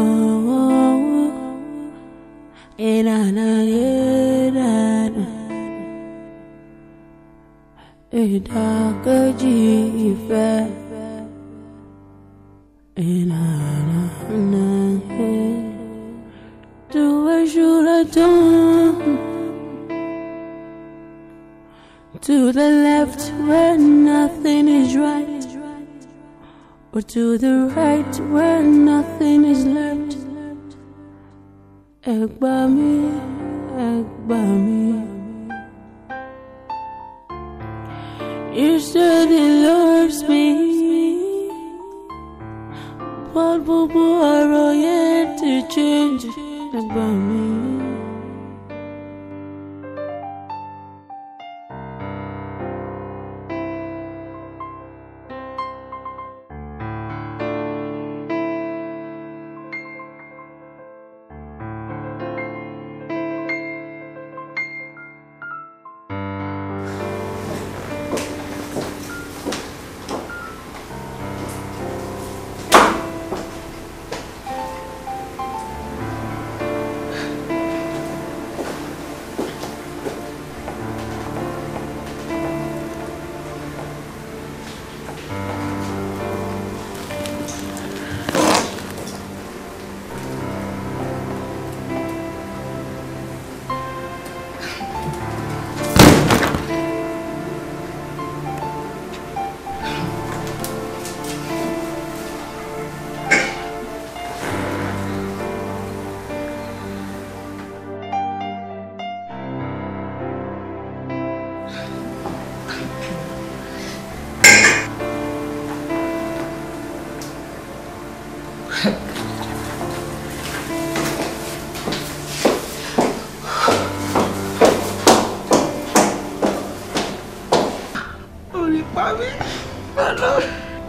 tó To the left where nothing is right, or to the right where nothing is left ẹ gbà mí ẹ gbà mí. Ìṣèlè lọ́ọ̀sì mi. But gbogbo change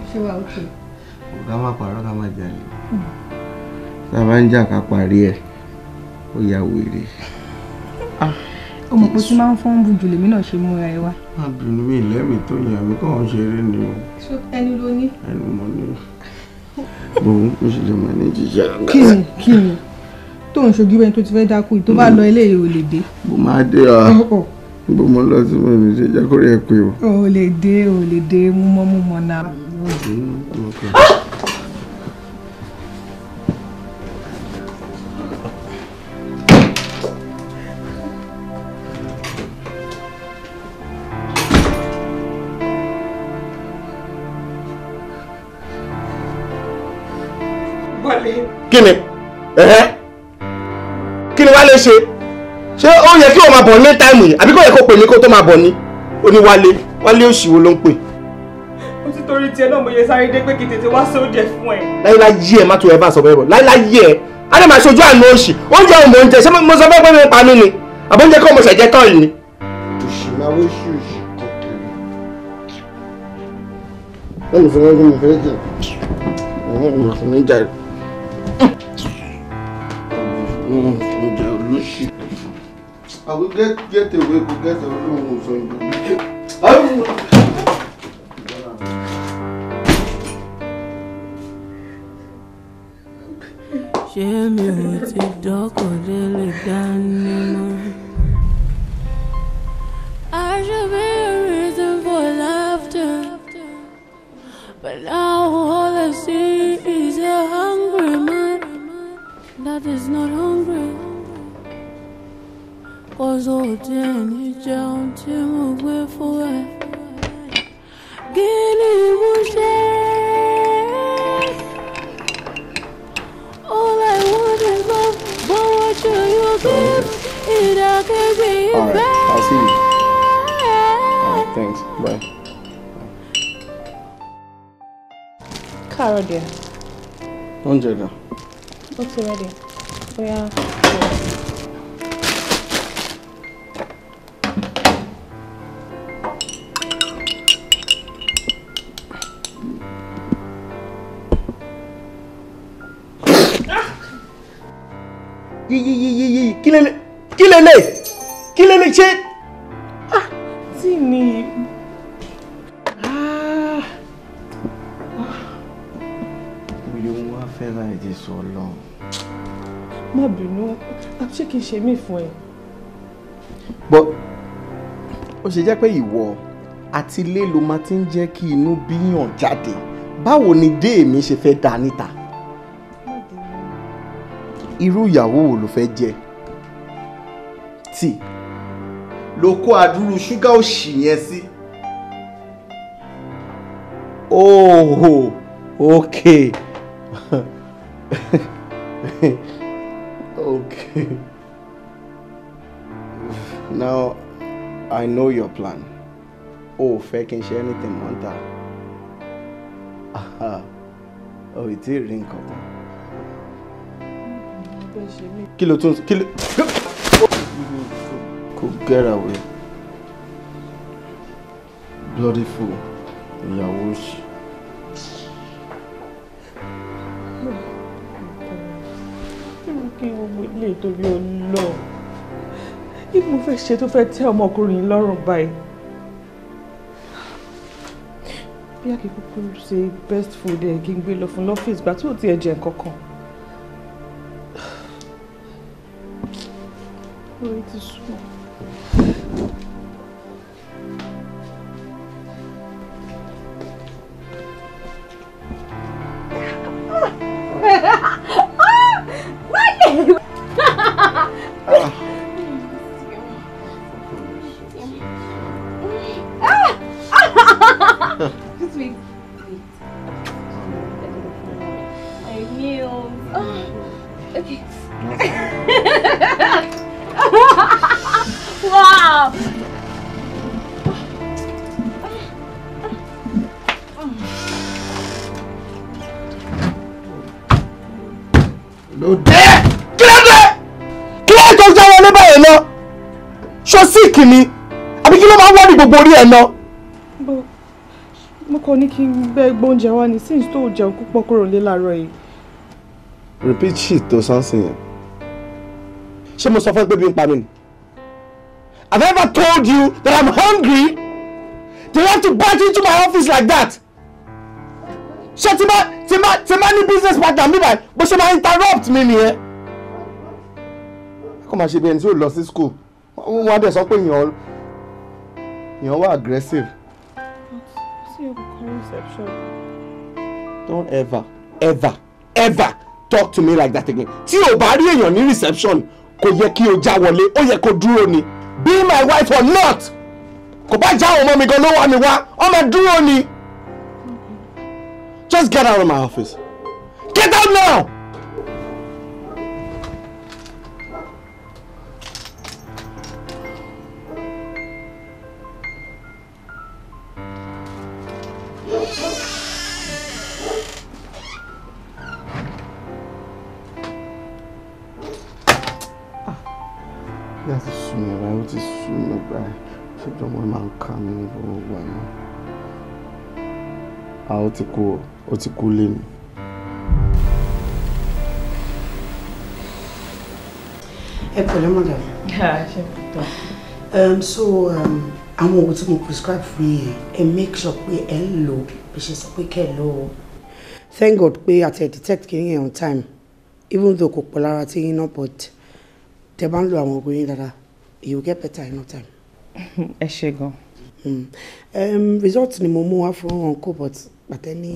ṣé wàá òkè. ká má parọ́ ká má jalè tá a bá ń jà ká parí ẹ̀ ó ya wèrè. ó mọ̀ pé tí máa ń fọ́n bùjù lèmi náà ṣe múra ẹ wá. má bínú mi lẹ́mìí tó yàn mí kàn ń ṣeré ni o. ẹni ló ní. ẹni mo ní o. bòun ó sì lè mọ ẹni jíjà. kí ni kí ni tó ń ṣojú ẹni tó ti fẹ́ dákú yìí tó bá lọ ilé yìí dé. mo máa dé ah. ọ bó mo lọ sí mi ṣe jẹ́ kó rí ẹ pé o. o lè dé o lè dé mú mọ́ mú mọ́ náà. kí ni kí ni wàá lè ṣe ṣé ó yẹ kí o máa bọ̀ ní táìmù yìí àbí kò yẹ kó pè mí kó tó máa bọ̀ ní oníwálé wálé òṣìwò ló ń pè. ó ti torí tiẹ̀ náà mo yẹ sáré dé pé kí tètè wá sóúnjẹ fún ẹ. láíláyé ẹ má tó ẹ bá sọ bẹ́ẹ̀ bọ̀ láíláyé ẹ á lè máa ṣojú àná òṣì oúnjẹ òun mò ń jẹ ṣé mo sọ bẹ́ẹ̀ pé mi panú ni àbóúnjẹ kọ́ mo ṣẹ̀jẹ̀ tọ́ ni. òṣì I will get get away because I don't know something. I will. ṣé mi ò ti dọ́kọ̀ délé dání mọ́. I should be a reason for laughter, but now all I see is a hungry man that is not hungry kọ́sọ́ all I want is love but what you give? ìdàkejì ìfẹ́. all right I'll see you. all right thanks bye. Car díẹ̀. oúnjẹ dà. ó ti rẹ̀ dé bóyá. yíyíyíyíyí kí lélẹ̀ kí lélẹ̀ kí lélẹ̀ ṣe. Ah, tí ni. wíyọ ah. wọn wá fẹ́ràn ẹ̀jẹ̀ sọ lọ. má bínú ṣé kìí ṣe mí fún ẹ. bọ́ ó ṣe jẹ́ pé ìwọ àti ilé ló máa ti ń jẹ́ kí inú bíyàn jáde báwo ni dé èmi ṣe fẹ́ dá níta irú ìyàwó wo ló fẹ́ jẹ tí ló kó adúrú ṣúgà òṣì yẹn sí. ooo ok ok now I know your plan o ò fẹ́ kí n ṣe anything mọ́ta o ì tí ì rí nǹkan kan fẹ́ ṣe mí. kí ló get away bloody fool ìyàwó òṣì. kí gbogbo ilé to ọlọ kí mo fẹ́ ṣe tó fẹ́ tẹ́ ọmọkùnrin yìí lọ́rùn báyìí. bí a kì í kúkú best food ẹ̀ kí n gbé lọ fún lọ́fíìsì gbà tó 我一直说。啊！哈哈哈哈！哈哈哈哈！bẹ́ẹ̀ mo kàn ní kí n bẹ́ gbóúnjẹ wá ní since tó jẹun púpọ̀ kúrò lé láàárọ̀ yìí. repeat shit tó sánsìn yẹn. ṣé mo sọ fún ẹ pé bí n pa mi ni. Have I ever told you that I'm hungry? They want to barge into my office like that. ṣé tí máa tí máa tí ní business partner mi báyìí bó ṣe máa interrupt mi nìyẹn. kó máa ṣe bí ẹni tí ò lọ sí school wọ́n á dẹ̀ sọ pé èèyàn You are aggressive. sí o kò don't ever ever ever talk to me like that again See o bá rí èèyàn ní reception kò yẹ kí o já wọlé ó yẹ kó be my wife or not kò bá já àwọn ọmọ mi gan ló wá mi wá just get out of my office get out now. ti kú ó ti kú lé mi. ẹ pẹ̀lú mọ̀dà. Um, so um, àwọn oògùn tí mo prescribe fún yín ẹ make sure pé ẹ ń lò bí ṣe sọ pé kẹ́ ẹ lò thank god pé àti ẹ detect kiri yẹn on time even though kò pọ̀ lára tí yín náà but tẹ bá ń lo àwọn oògùn yín dáadáa you get better in no time. ẹ ṣe gan. Hmm. Um, results ni mo mú wá fún wọn but pàtẹ́ ní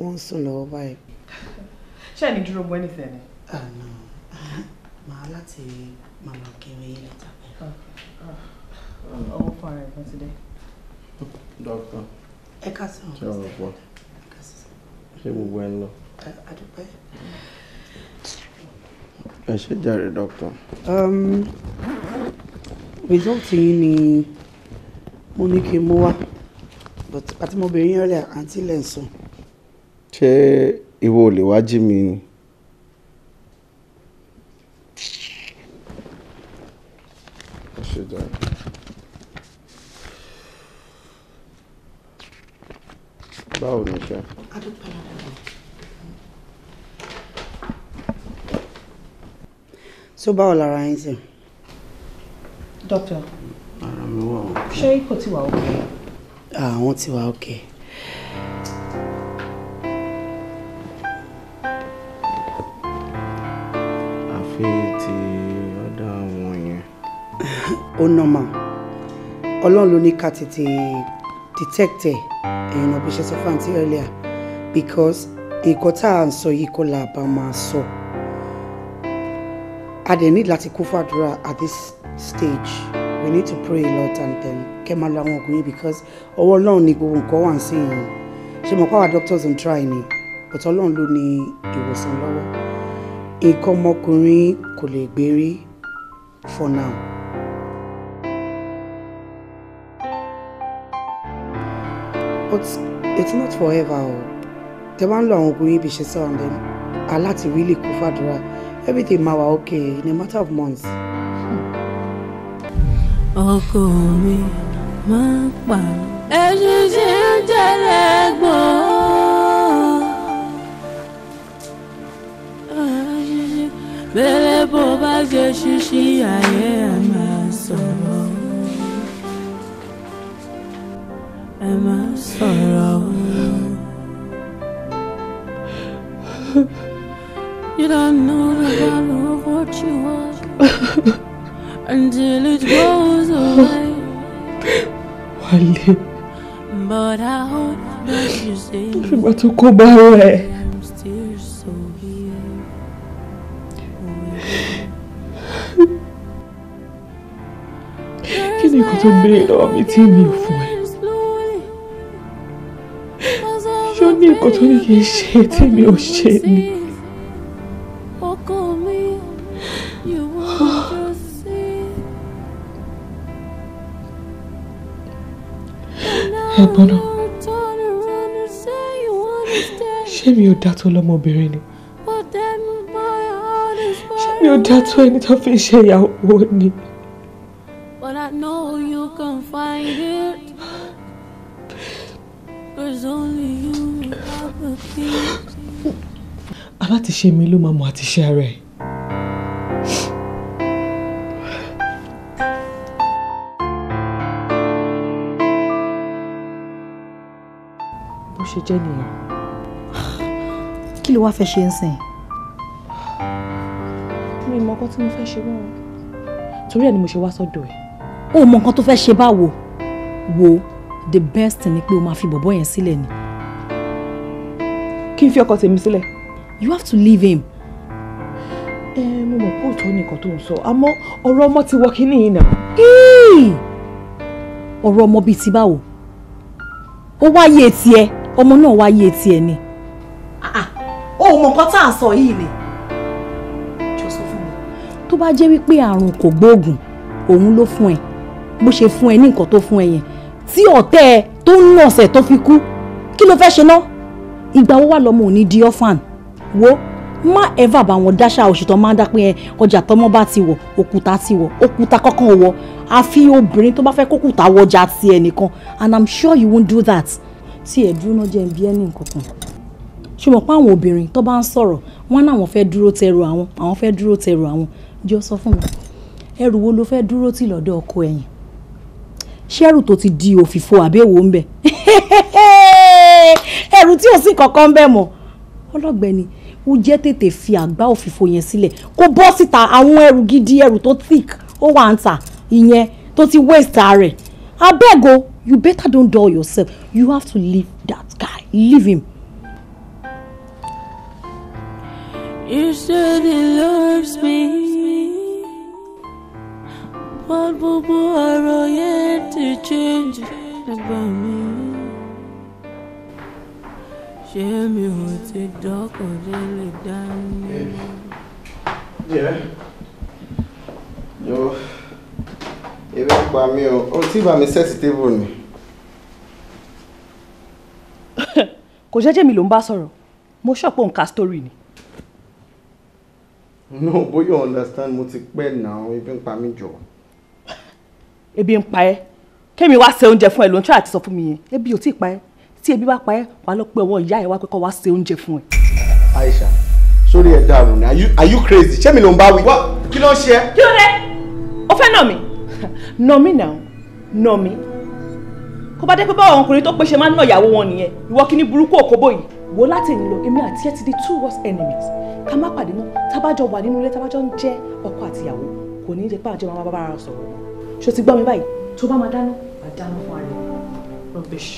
wọ́n ń sùn lọ́wọ́ báyìí. ṣé ẹni dúró bọ́ ẹnìfẹ́ ni. àná ah, màá láti màá lọ kiri lẹ́tà. ọwọ́ kan rẹ̀ kan ti dé. dókítà. ẹ ká sọ ọ́n. ṣé ọ̀rọ̀ pọ̀ ṣé gbogbo ẹ ń lọ. àdúpẹ́. ẹ ṣe jàre dókítà. Um, result yìí ni mo ní kí n mú wá but àti mo bèrè yín ọ̀rẹ́ àǹtí lẹ̀ ń sùn. ṣé ìwọ ò lè wá jí mi ni. báwo ni ṣe. so báwo lára yín sí. dókítà. ara mi wà ṣé kò tí wàá ó àwọn ah, ti wà òkè. àfi ti ọ̀dọ̀ àwọn yẹn. ó nọ́mà ọlọ́run ló ní ká tètè detect ẹ̀ ẹ̀yìn náà bí ṣe sọ fún àǹtí earlier because nǹkan tá à ń sọ yìí kọ́ la bá máa sọ didn't need to láti kún fún àdúrà at this stage we need to pray a lot and then um, kẹ́ máa lo àwọn because ọwọ́ ọlọ́run ni gbogbo nǹkan wà sí yìí mo pàwọ́ doctors ń try ni but ọlọ́run ló ni ìwòsàn lọ́wọ́ nǹkan ọmọkùnrin kò lè gbérí for now. but it's not forever o tẹ bá ń lo àwọn oògùn yìí bí ṣe and then aláti really kó fàdúrà everything máa wà okay in a matter of months ọkọ mi máa pa. ẹṣin ṣe ń jẹrẹ gbọ́n. bẹ́lẹ̀ bó bá ṣe ṣíṣí ayé ẹ máa sọ̀rọ̀. ẹ máa sọ̀rọ̀. You don't know the value of what you are until it goes away. Wálé. But I hope you see. Ìgbà tó kó bá rẹ̀. Kí ni nǹkan tó béèrè lọ́wọ́ mi tí mi ò fún ẹ? Ṣé ó ní nǹkan tó ní kí n ṣe tí mi ò dá tó lọ́mọbìnrin ni ṣé mi ò dá tó ẹni tó fi ṣe ìyàwó ni. But I know you can find it. There's only you alátiṣe mi ló máa mọ àtiṣe ara ẹ̀. bó ṣe jẹ́ nìyẹn kí ló wá fẹ́ ṣe ń sìn. mi mọ nǹkan tí mo fẹ́ ṣe báwo torí ẹ̀ ni mo ṣe wá sọ́dọ̀ ẹ̀. o mọ nǹkan tó fẹ́ ṣe báwo wo the best ni pé o máa fi bọ̀bọ̀ yẹn sílẹ̀ ni. kí n fi ọkọ tèmi sílẹ̀. you have to leave him. ẹ mo mọ̀ pé òótọ́ nìkan tó ń sọ àmọ́ ọ̀rọ̀ ọmọ ti wọ kínní yìí nà. ọ̀rọ̀ ọmọ bíi ti báwo ó wáyé tiẹ̀ ọmọ náà wáyé tiẹ̀ ni mọ nǹkan tá à ń sọ yìí ni. jọ sọ fún mi. tó bá jẹ́ wípé àrùn kò gbóògùn òun ló fún ẹ bó ṣe fún ẹ ní nǹkan tó fún ẹ yẹn tí ọ̀tẹ̀ ẹ tó ń nà ọ̀sẹ̀ tó fi kú kí ló fẹ́ ṣe ná ìgbà wo wà lọ́mọ òní di orphan wo má ever bá wọn dáṣà òṣì máa ń dá pé ọjà tọmọ bá ti wọ òkúta ti wọ òkúta kankan wọ àfi obìnrin tó bá fẹ́ kókúta wọjà ti nìkan and i'm sure you won't do that tí ẹ dúró náà jẹ́ ń bí ẹ ní nǹkan kan ṣùgbọ́n pé àwọn obìnrin tó bá ń sọ̀rọ̀ wọ́n náà wọ́n fẹ́ dúró tẹrù àwọn àwọn fẹ́ dúró tẹrù àwọn jọ sọ fún mi ẹrù wo ló fẹ́ dúró tì lọ́dọ̀ ọkọ ẹ̀yìn ṣẹ́rù tó ti di òfìfo àbẹ̀wò ń bẹ̀ ẹrù tí ò sí kankan ń bẹ̀ mọ́ ọlọ́gbẹ́ni ó jẹ́ tètè fi àgbá òfìfo yẹn sílẹ̀ kó bọ́ síta àwọn ẹrù gidi ẹrù tó thick ó wà ń tà ìyẹn tó ti waste rẹ̀ abeg you better don dull yourself you have to leave that guy leave him You surely loves me. What gbogbo ọ̀rọ̀ yẹn ti change about me? Share me with the dọ́kàn or dání? Jẹ́ yọ ebi ń pa mí o, o tí bá mi sẹ́ẹ̀tì tébù ni. Kò jẹ́jẹ́ mi ló ń bá sọ̀rọ̀, mo ṣọ̀pọ̀ nǹka sítórì ni no you understand mo ti pẹ́ náà ebi ń pa mí jọ. ebi ń pa ẹ́ kémi wá ṣe oúnjẹ fún ẹ ló ń tí àti sọ fún mi yẹn ebi ò tí ì pa ẹ́ tí ebi bá pa ẹ́ wàá lọ pé ọwọ́ ìyá ẹ wá pé kó wá ṣe oúnjẹ fún ẹ. Aisha sórí ẹ dàrú ni are you crazy ṣé mi ló ń bá wí. wá kí ló ń ṣe ẹ́. kí ló dé o fẹ́ nà mí nà mí náà nà mí kó bá dé pé báwọn ọkùnrin tó pèsè máa ń nà ìyàwó wọn nìyẹn ìwọ kí ni burúkú òkóbó yìí wo láti ìlò èmi àti ẹ ti di two worst enemies ká má pàdé mọ́ tábàjọ wà nínú ilé tábàjọ ń jẹ́ ọkọ àtìyàwó kò ní í jẹ́ pé àjọ máa bá bára sọ̀rọ̀ ṣó ti gbọ́ mi báyìí tó bá máa dáná máa fún ara rubbish.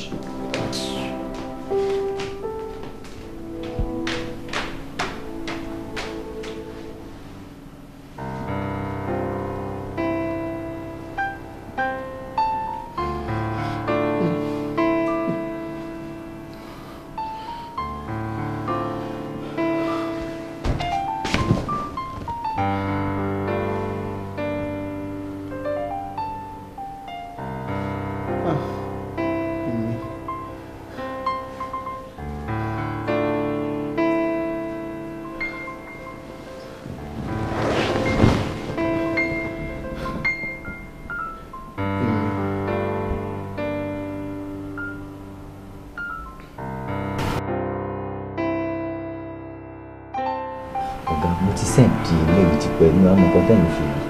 pẹ̀lú àwọn nǹkan tẹ̀lé ṣe yìí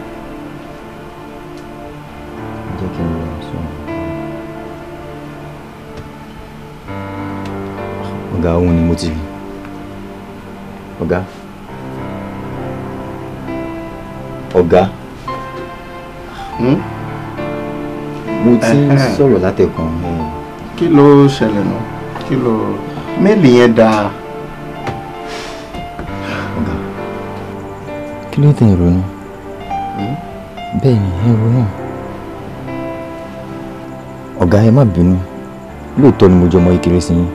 jẹ́ kí n lọ sùn. ọ̀gá òun ni mo ti rí ọ̀gá ọ̀gá hmm? mo ti ń sọ̀rọ̀ látẹ̀kùn. Eh. kí ló ṣẹlẹ̀ náà kí ló méèlì ló tẹ̀ ń ronú hm? bẹ́ẹ̀ ni ẹ ronú ọ̀gá ẹ má bínú lóòótọ́ ni mo jọmọ ìkéré sí yín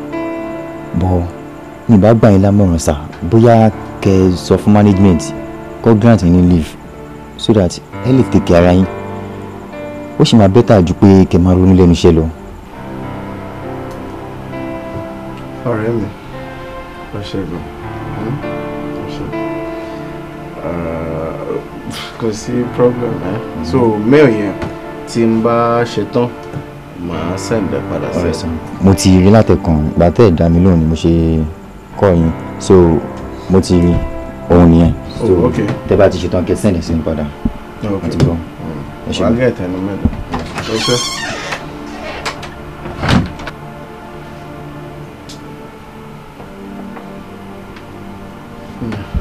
bọ́ ní ìbá gbà yín lámọ̀ràn sá bóyá kẹ ẹ sọ fún management kó grant ní leave so that ẹ lè tètè ara yín ó sì máa bẹ́tà ju pé kẹ máa ronú lẹ́nu iṣẹ́ lọ. ọ̀rẹ́ mi ọ̀ṣẹ́gun. kò sí problem ẹ so mail yẹn tí n bá ṣetán màá sẹ̀ǹdẹ̀ padà sí. mo ti rí látẹ̀kàn ìgbà tẹ́ ẹ̀ dá mi lóhùn mo ṣe kọ́ yín so mo ti rí ohun nìyẹn oh, so tẹ́ bá ti ṣetán kẹ́ sẹ̀ǹdẹ̀ sí mi padà àti bọ́ ẹ ṣe wàá gẹ̀ tẹnu mẹ́ta ọ̀ṣẹ́. mm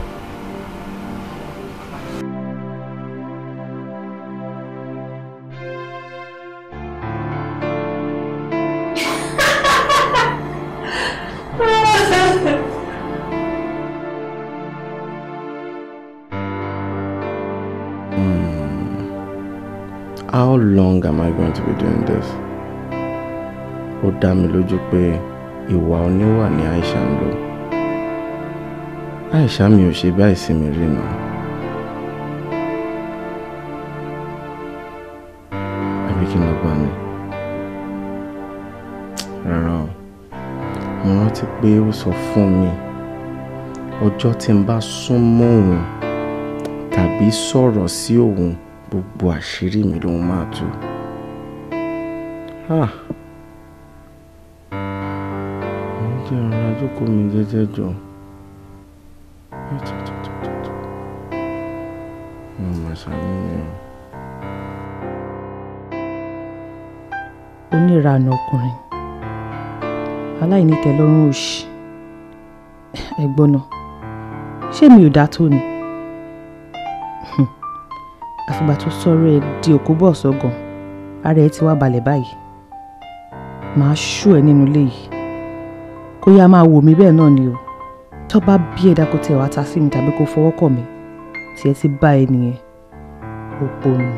to be doing this. Ó dá mi lójú pé ìwà oníwà ni Aisha ń lò. Aisha mi ò ṣe báyìí sí mi rí náà. Àbí kí n lọ gbà mí? Rárá mo rántí pé ó sọ fún mi ọjọ́ tí n bá sún mọ́ òun tàbí sọ̀rọ̀ sí òun gbogbo àṣírí mi ló máa tú. Ah! Mo ń tẹ ọ̀rọ̀ àjókòó mi jẹ́jẹ́ jọ. Mo mà ṣàníyàn. Oníranà ọkùnrin, aláìnítẹ̀lọ́rùn òṣì, ẹ̀gbọ́n náà, ṣé mi ò dá tó ni? Àfìgbà tó sọ̀rọ̀ ẹ di òkú bọ̀ sọ́gàn, ara ẹ ti wá balẹ̀ báyìí màá ṣú ẹ nínú ilé yìí kó yá máa wò mí bẹ́ẹ̀ náà ni o tó bá bí ẹ̀dá kò tẹ̀ wá ta sí mi tàbí kò fọwọ́ kọ̀ mí tí ẹ ti bá ẹ nìyẹn òpó nù.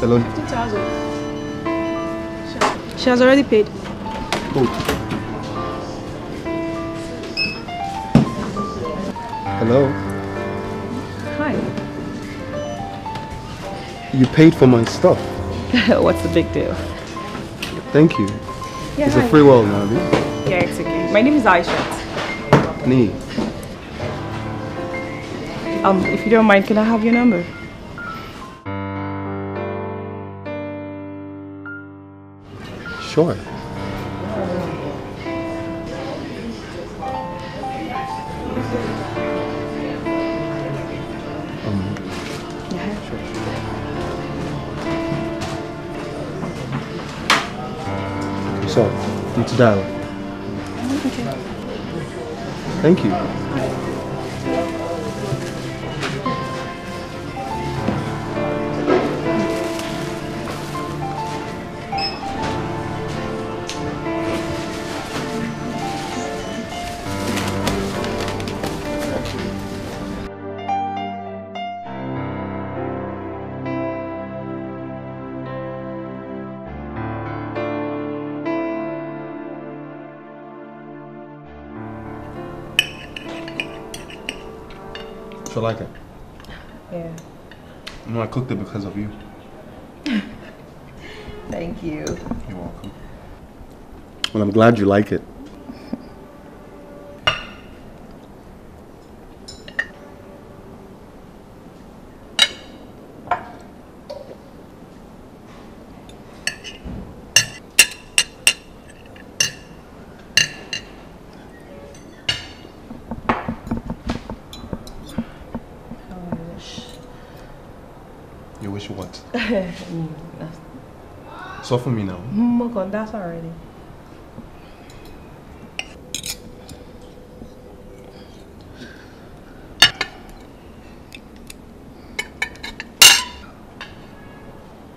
The 2000 She has already paid. Good. Hello? Hi. You paid for my stuff. What's the big deal? Thank you. Yeah, it's hi. a free world now, Yeah, it's okay. My name is Aisha. Nee. Um, if you don't mind, can I have your number? Sure. Um, yeah. So, need to dial. Okay. Thank you. because of you. Thank you. You're welcome. Well, I'm glad you like it. sọ for me now. Mm, mo God, that's already.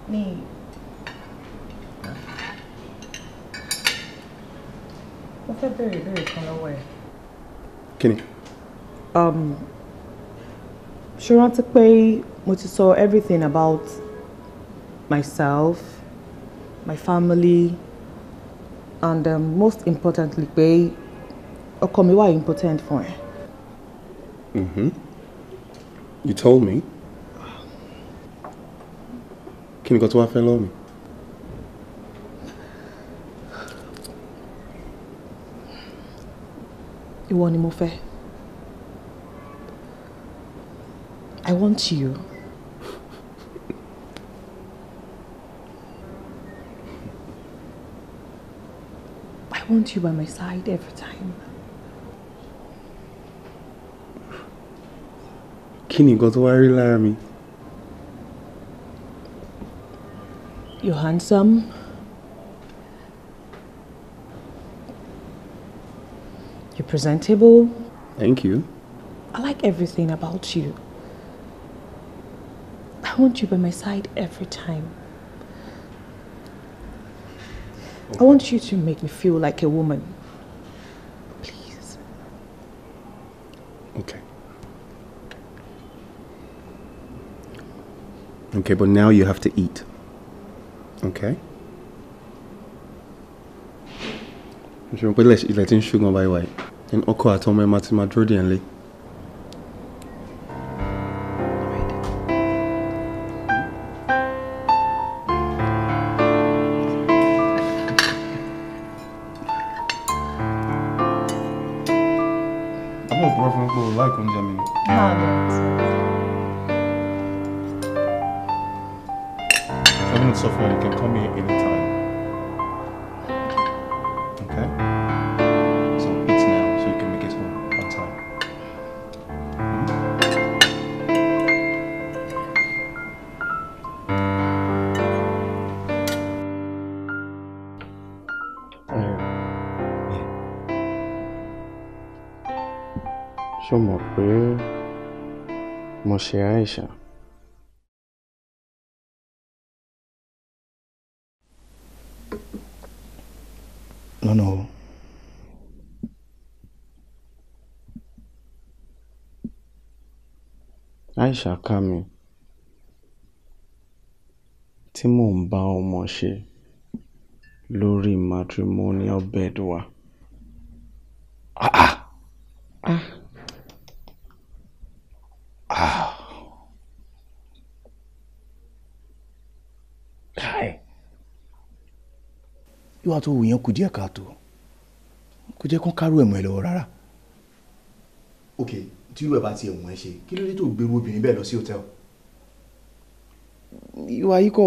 ni. me. Mo very, very kind of way. Kenny. Um. Sure, Ṣé o rántí pé everything about myself my family and um, most importantly pé ọkọ mi wà important fún ẹ. mm You told me. Kí ni nǹkan tó wá fẹ́ lọ́wọ́ mi? Ìwọ ni mo fẹ́. I want you. want you by my side every time. Can you go tó worry, rí You're handsome. You're presentable. Thank you. I like everything about you. I want you by my side every time. I want you to make me feel like a woman. Please. Okay. Okay, but now you have to eat. Okay? ṣùgbọ́n pé ilẹ̀ tí ń ṣùgbọ́n báyìí wáyé ọkọ àtọmọ ẹ̀ máa ti máa dúró dìé ńlẹ̀. wewe Moshi Aisha. No, no. Aisha Kami tí mò ń bá ọmọ ṣe lórí matrimonial bed wa. Ah, ah. wíwá tó wò yẹn kù díẹ̀ káàtó kò jẹ́ kó kárò ẹ̀mọ́ ẹ̀ lọ́wọ́ rárá. ok tí irú ẹ̀ bá ti ẹ̀wọ̀n ẹ̀ ṣe kí ló dé tó gbèrú obìnrin bẹ́ẹ̀ lọ sí hòtẹ́ẹ̀lì. ìwà yìí kò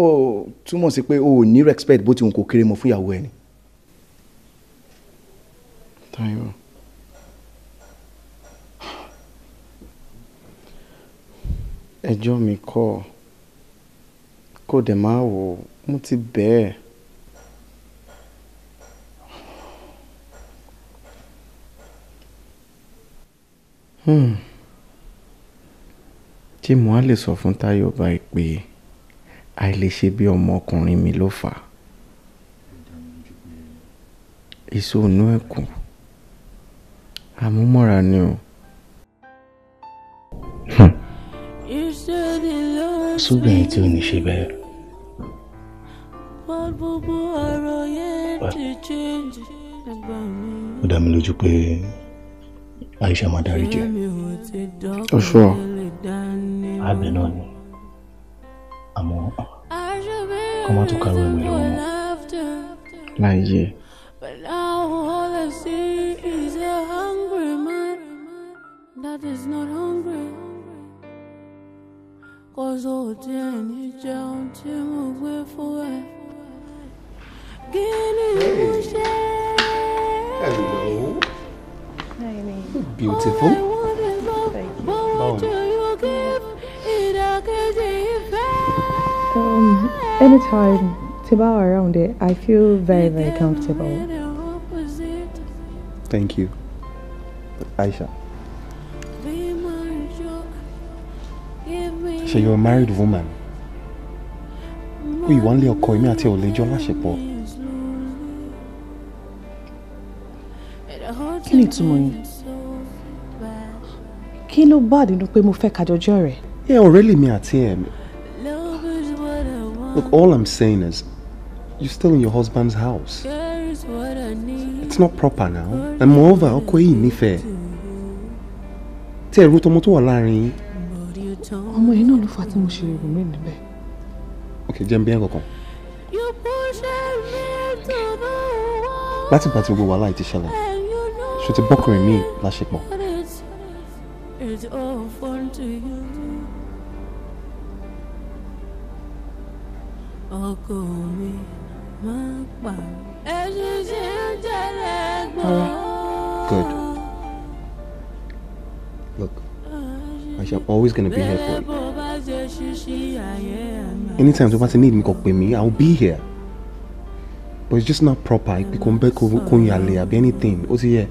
túmọ̀ sí pé o ò ní respect bó ti hùn kó kéré mọ́ fún ìyàwó ẹ̀ ni. Táyọ̀ ẹjọ́ mi kọ́ kó dẹ̀ máa wò ó mo ti bẹ̀ẹ́. ṣé hmm. mo á lè sọ fún Táyọ̀ báyìí pé àìlèṣe bí ọmọkùnrin mi ló fà á èso inú ẹ̀kún àmúmọ́ra ni o. Hmm. ṣùgbọ́n èyí tí ò ní ṣe bẹ́ẹ̀. ó dá mi lójú pé. Aisha máa dáríjì ẹ. ọṣọ. àbẹ náà ni àmọ́ kọ́ má tún kárò ẹ̀mí lọ́wọ́ wọn. láyé. That is not hungry. Cause all day ni jẹun tí mo gbé fún ẹ. Kí ni beautiful. Thank you. Báwo. Um, anytime Tibawa around it, I feel very, very comfortable. Thank you. Aisha. So you're a married woman? Ó ìwà ńlẹ̀ ọkọ èmi àti ẹ̀ ò lè jọ láṣepọ̀. Kí ni ìtumọ̀ yẹn? kí ló bá nínú pé mo fẹ́ kájọ jọ rẹ̀. ẹ ọ̀rẹ́ lèmi àti ẹ̀ mi. Look, all I'm saying is, you're still in your husband's house. It's not proper now. And moreover, ọkọ yìí nífẹ̀ẹ́. Tí ẹ̀rú tọmọ tó wà láàrin yín. Ọmọ yìí náà ló fà á tí mo ṣe èrò mi níbẹ̀. Ok, jẹ́ n bí ẹ̀ kankan. Láti gbà tí gbogbo wàhálà yìí ti ṣẹlẹ̀, ṣò ti bọ́kùnrin mi láṣepọ̀ it off onto you. Ọkọ mi máa ń pa ẹ̀sùn sí ìjẹ́lẹ̀ gbọ́. Good. Look, Aisha, I'm always gonna be here for you. Anytime tó bá ti need me, kò pè mí, I be here. But it's just not proper. Ìpè kò ń bẹ́ kò ń yàlẹ̀ anything. Ó ti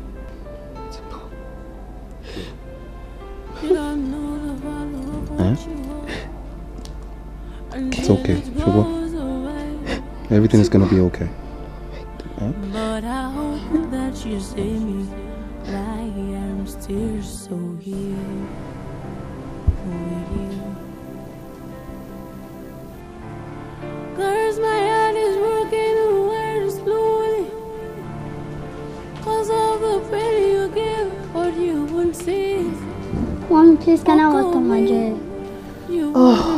It's okay, Sugar. Everything is gonna be okay. But I hope that you see me I'm still so here Cause my heart is broken away slowly. Cause all the pain you give, what you won't see. Mom, please, can I on my jail? Oh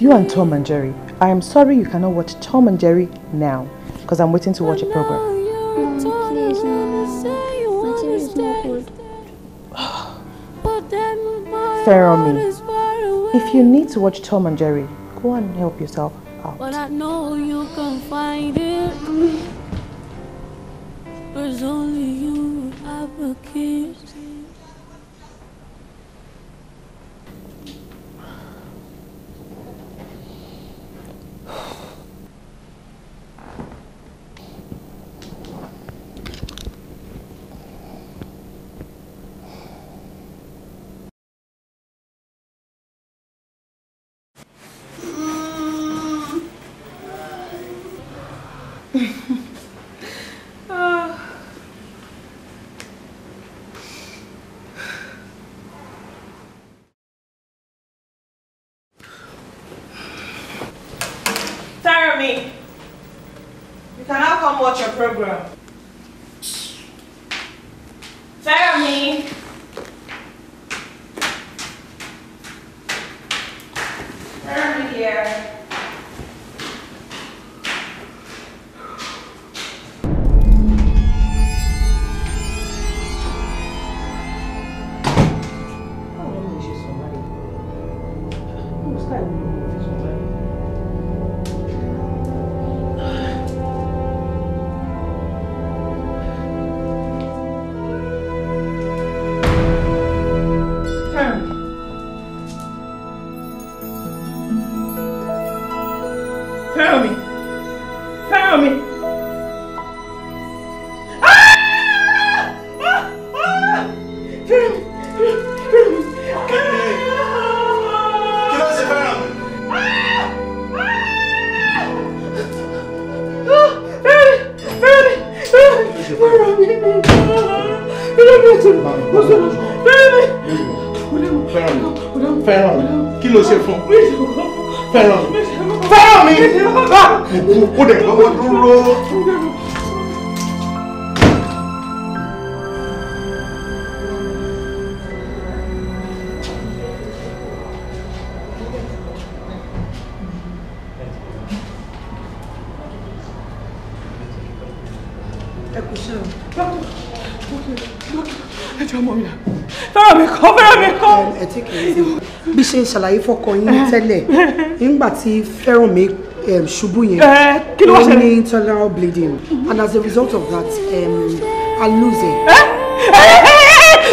you and Tom and Jerry. I am sorry you cannot watch Tom and Jerry now because I'm waiting to watch a program. Mm, Fair on me. if you need to watch Tom and Jerry, go and help yourself out. But I know you can find it. Mm. There's only you have a kiss. kó dẹ̀ lọ́wọ́ dúró. bí ṣe ń ṣàlàyé fọ́kọ yín tẹ́lẹ̀ nígbà tí fẹ́ràn mi um, ṣubú yẹn ó ní internal bleeding and as a result of that um, I lose it.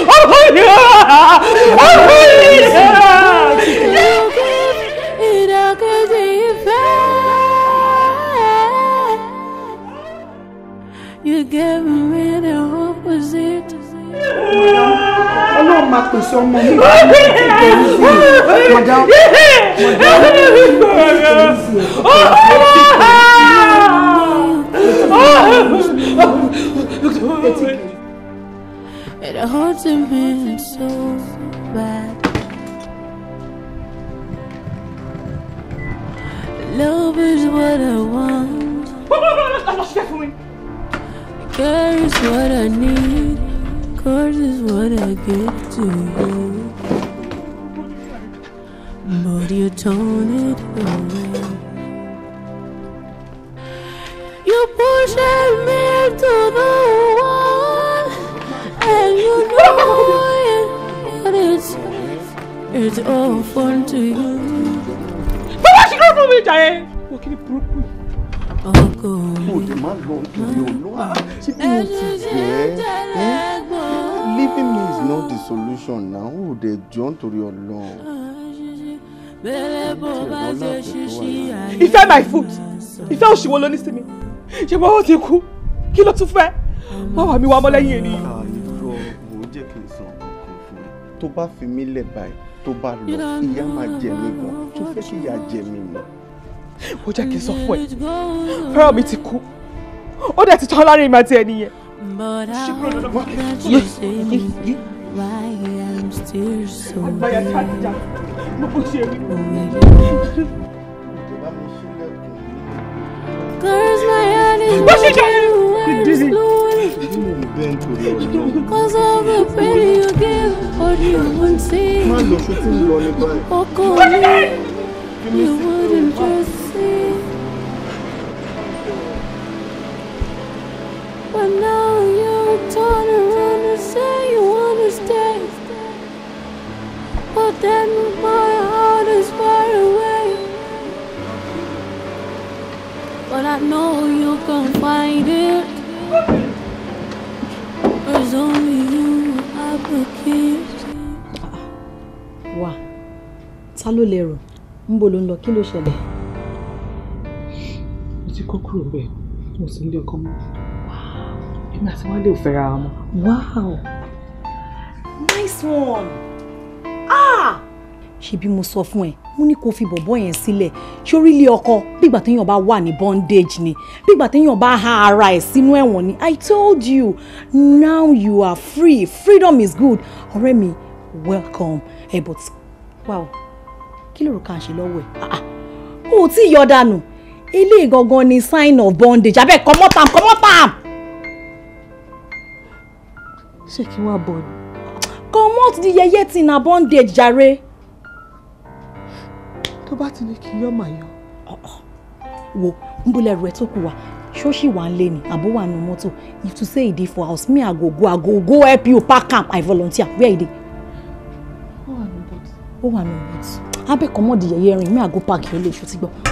Oh, yeah. Oh, yeah. You gave me the opposite. Ọlọ́run máa Madam. It hurts me so bad. Love is what I want. Care is what I need. Curse is what I give to you. but you tone it away. You push me to the wall, and you know it, but it's it's all fun to you. Bàbá ṣe kọ́ fún mi jà What Wọ́n kiri burúkú. Ọkọ mi. Mo lè má lọ nítorí olúwa. Ah, ṣé bí mo ti me eh, is not the solution now. Ó dẹ̀ jọ́ nítorí Ọlọ́run ìfẹ́ my foot ìfẹ́ òṣìwò ló ní sí mi ṣé mo ó ti kú kí ló tún fẹ́ wọ́n wà mí wá mọ́lẹ́yìn ènìyàn. àìrọ mò ń jẹ́ kí n san kankan fún ẹ tó bá fi mí lẹ̀ báyìí tó bá lọ ìyá máa jẹ mí gan tó fẹ́ kí ìyá jẹ mí mọ́. mo jẹ́ kí n sọ fún ẹ fẹ́ràn mi ti kú ó dẹ̀ ti tán láàrin ìmọ̀ àti ẹ̀ nìyẹn. ṣé kúrò lọ́dọ̀ fún mi. There's so Cause my head is Cause all the pain you give, or you wouldn't see. Or you wouldn't just see. But now you turn around and say you But then my heart is far away. But I know you can find it. There's only you advocate. Wà, ta ló lérò? Ń bo ló ń lọ, kí ló ṣẹlẹ̀? Mo ti kọ́ kúrò bẹ́ẹ̀, mo sì ń lé ọkọ Wow! Nice one! ṣebí mo sọ fún ẹ mo ní kó fi bọ̀bọ̀ yẹn sílẹ̀ sórí ilé ọkọ bígbà téèyàn bá wà ní bondage ni bígbà téèyàn bá ha ara ẹ̀ sínú ẹ̀wọ̀n ni i told you now you are free freedom is good ọ̀rẹ́ mi welcome ẹ but wow kí ló rò ká ṣe lọ́wọ́ ẹ̀ o tí yọ dànù ilé gangan ni sign of bondage abẹ́ kọ́mọ́tàm kọ́mọ́tàm. ṣé kí wàá bọ̀ ni. comot di yeye tin na bondage jare. tó bá ti ní kí yọ yọ. wo n bolẹ̀ rẹ̀ tó kù wá ṣọ́ọ̀ṣì wà ń lé ni àbó wà mọ́tò if to say for house me go go go help you pack am i volunteer where e dey. ó wà nù boot. ó wà nù boot abẹ́ kọ́mọ́dì yẹ̀yẹ́ rìn me go pack your leg ti gbọ́.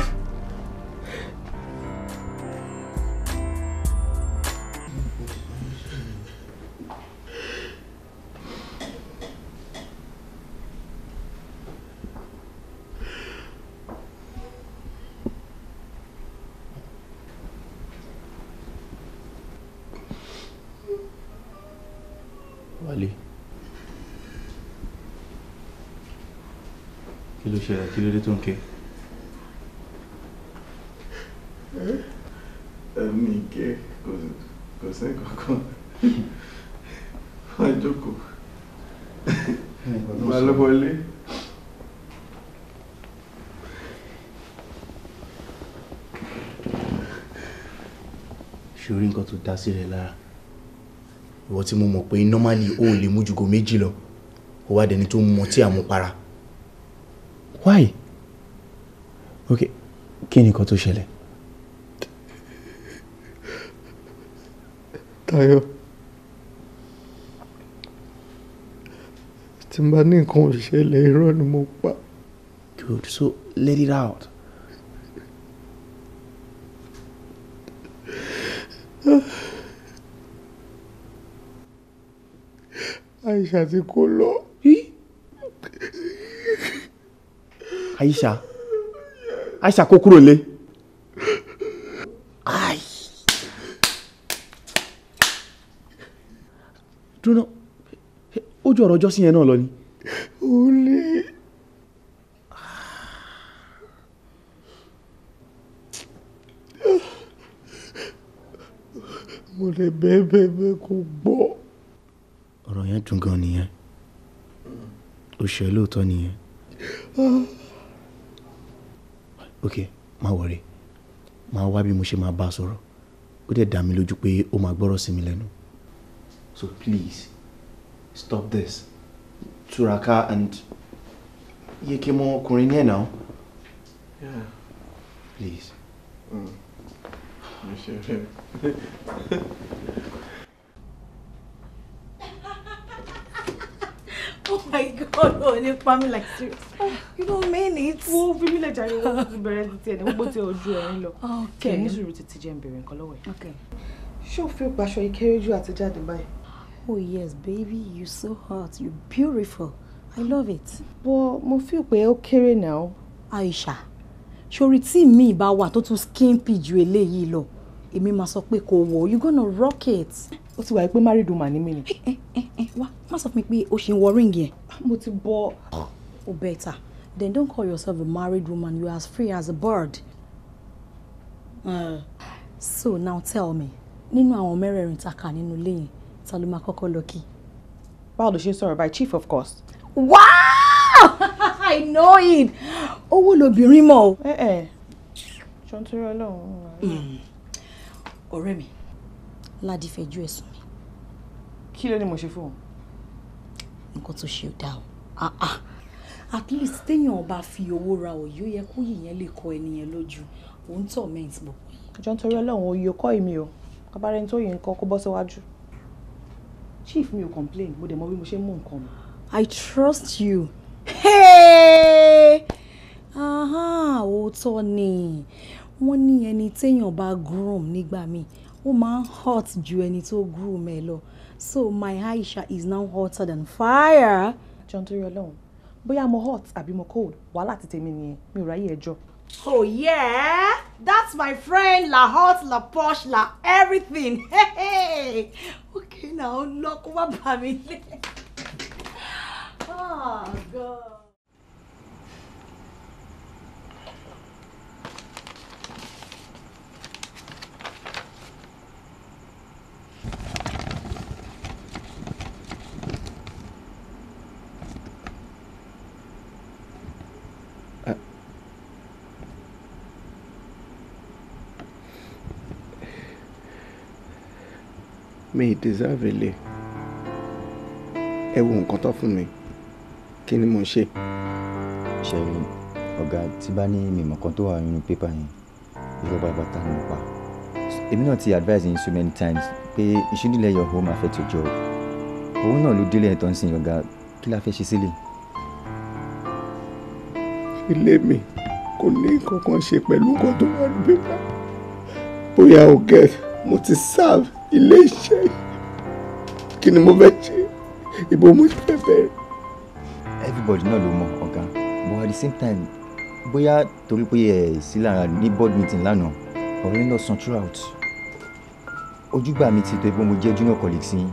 kí ló dé tó ń ké. ẹ̀mí ké kò sí kankan wọ́n jókòó máa lọ wọlé. ṣorí nǹkan tó dá sílẹ̀ lára ìwọ tí mo mọ̀ pé normally o lè mú ju go méjì lọ ó wá dẹni tó mọtí àmupara why Okay, kí ni nǹkan tó ṣẹlẹ̀. Táyọ̀ tí n bá ní nǹkan ò irọ́ ni mo pa. good so let it out. Aisha ti kó lọ. Aisha Aisha kó kúrò lé. dúró ojú ọ̀rọ̀ ọjọ́ sí yẹn náà lọ ni. ó lè. mo lè bẹ́ẹ̀ bẹ́ẹ̀ bẹ́ẹ̀ kó gbọ́. ọ̀rọ̀ yẹn dùn gan nìyẹn ó ṣe nìyẹn. Ah ok ma wọrí Ma wá bí mo ṣe máa bá a sọ̀rọ̀ ó dẹ̀ dá mi lójú pé ó máa gbọ́rọ̀ sí mi lẹ́nu. so please stop this túraká and yé kí mọ ọkùnrin ní ẹ̀ náà. please. Mm. Oh my God, oh, ní pamí like serious. Ah, you don't mean it. Wo fi mí lẹ́jà yóò wọ́n ti bẹ̀rẹ̀ ti tiẹ̀ ní gbogbo tí ojú ẹ̀ ń lọ. Kẹ̀ ní sùúrù títí jẹ́ ń bèrè nǹkan lọ́wọ́ ẹ̀. Ṣé o fi gbaṣọ ìkéré jù àti jáde báyìí? Oh yes baby, you so hot, you beautiful, I love it. Bọ́ mo feel pé ó kéré now, Aisha, ṣorí tí mi ìbá wà tó tún skin pì ju eléyìí èmi máa sọ pé kò wọ̀ you gonna rock it. ó ti wà pé married woman ni mí ni. ẹ ẹ ẹ wá má sọ fún mi pé o ṣì ń wọ ring yẹn. Ah, mo ti bọ. o better then don't call yourself a married woman you are as free as a bird. Uh. so now tell me nínú àwọn mẹ́rẹ̀ẹ̀rin ta kà nínú ilé yẹn ta ló máa kọ́kọ́ lọ kí. báwo ló ṣe ń sọ̀rọ̀ báyìí chief of course. wow i know it owó lobìnrin mọ̀ o. ẹ ẹ ṣọ́ntúrọ́ lọ́hùn-ún. Hmm ọ̀rẹ́ mi ládì fẹjú ẹ̀sùn mi. kí ló ní mo ṣe fún ọ. nǹkan tó ṣe ò dáa o at least téèyàn bá fi owó ra òye ó yẹ kó yìnyẹn lè kọ ẹnìyẹn lójú òun tọ̀ mẹ́ǹtì bọ̀. ìjọ ń torí ọlọ́run oyè kọ́ èmi o kábàárẹ̀ tó yẹ nǹkan kó bọ́ síwájú. chief mi ò complain mo dẹ̀ mọ bí mo ṣe mú nǹkan mi. i trust you. Hey! Aha, òótọ́ ni wọ́n ní ẹni téèyàn bá groom nígbà míì ó máa ń hot ju ẹni tó groom ẹ lọ so my Aisha is now hotter than fire. jọ̀ọ́ nítorí ọlọ́run bóyá mo hot àbí mo cold wàhálà ti tèmi nìyẹn mi ò ráyè ẹjọ́. oh yeah that's my friend la hot la posh la everything hey, hey. okay now lọ kó má bà mí lé. oh god. mi deserve ilé ẹ wo nǹkan tó fún mi kí ni mo ṣe. ṣẹ́yìn ọ̀gá tí bá ní mímọ̀ kan tó wà nínú pépà yẹn irọ́ bàbá ta ni mo pa èmi náà ti advise yín so many times pé you shouldn't let your home affect your job òun náà ló délé ẹ̀tọ́ ń sìn ọ̀gá kí la fẹ́ ṣe sílẹ̀. ilé mi kò ní nǹkan kan ṣe pẹ̀lú nǹkan tó wà ní pépà bóyá o get mo ti serve ilé iṣẹ́ kí ni mo fẹ́ ṣe ibo mo ti fẹ́ bẹ̀rẹ̀. everybody náà ló mọ ọ̀gá but at the same time bóyá torí pé ẹ̀ sí lára ní board meeting lánàá ọ̀rẹ́ náà san throughout ojúgbà mi ti tó pé mo jẹ́ junior colleague sí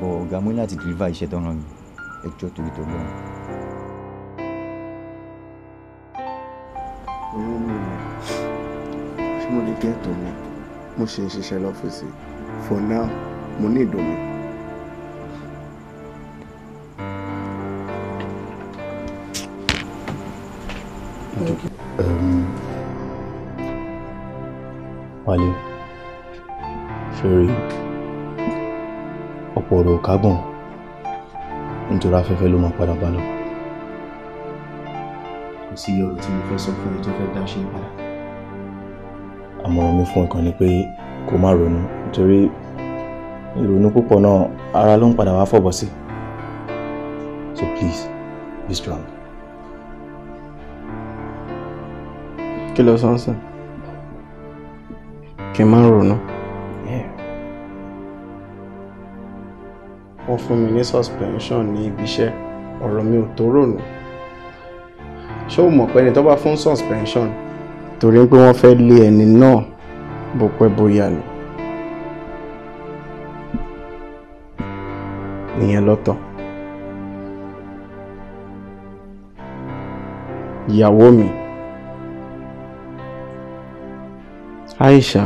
but ọ̀gá mo ní láti deliver iṣẹ́ tó ràn mí ẹjọ́ torí tó lọ́rùn. ṣé mo lè gé ètò mi mo ṣe ń ṣiṣẹ́ lọ́fíìsì for now mo ní ìdùnnú. Um, Wálé fèrè ọ̀pọ̀ ọ̀rọ̀ kábọ̀n nítorí afẹ́fẹ́ ló máa padà bá lọ. kò sí ọ̀rọ̀ tí mo fẹ́ sọ fún ẹ tó fẹ́ dá ṣe padà. àmọ̀ràn mi fún ẹ kan ni pé kó má ronú nítorí ìrònú púpọ̀ náà ara ló ń padà wá fọ̀bọ̀ sí so please be strong. kí ló sọ ń sìn kí n má ronú. wọ́n fún mi ní suspension ní ibi iṣẹ́ ọ̀rọ̀ mi ò tó ronú ṣé o mọ̀ pé ẹni tó bá fún suspension torí pé wọ́n fẹ́ lé ẹni náà bó pẹ́ bóyá ni. Ni lọ́tọ̀. ìyàwó mi Aisha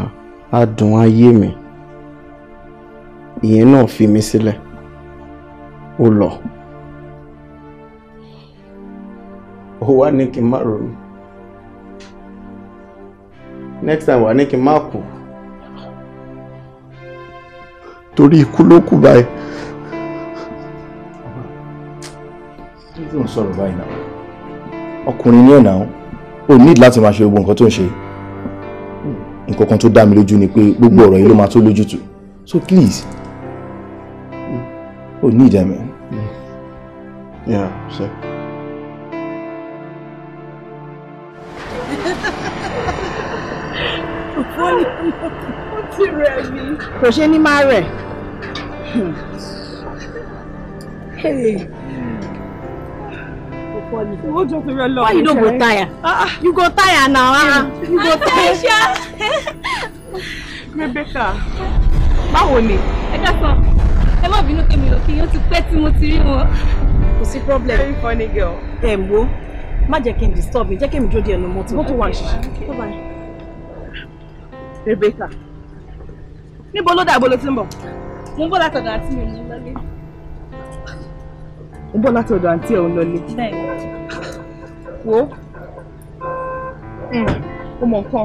adùn ayé mi ìyẹn náà fi mi sílẹ̀ ó lọ ó wá ní kí n má ronú next time wà ní kí n má kú torí ikú ló kù báyìí. tí ò ń sọ̀rọ̀ báyìí náà ọkùnrin ní ẹ̀nà ò ní láti máa ṣe gbogbo nǹkan tó ń ṣe nǹkan kan tó dá ni pé gbogbo ọ̀rọ̀ yìí ló máa tó so please ò ní ìdẹ́mẹ̀. kò ṣe ní rẹ̀. Hmm. for me. What do you love? Why you don't go tire? Uh, you go tire now, huh? Ah. You go tire. Rebecca, báwo ni? Ẹ dákun, ẹ má bínú pé mi ò kí yín ó ti pẹ́ tí mo ti rí wọn. Kò sí problem. Very funny girl. Ẹ̀ ń wo, má jẹ́ kí n disturb mi, jẹ́ kí n dúró di ẹnu mọ́tò. Mọ́tò wà ṣíṣe. Rebecca, níbo ló dà ìbolo tí ń bọ̀? Mo ń bọ̀ látọ̀dọ̀ àti mi ní lọ́lé ń bọ̀ láti ọ̀dọ̀ àǹtí ẹ̀ ń lọlé. wo hmm, ó mọ nǹkan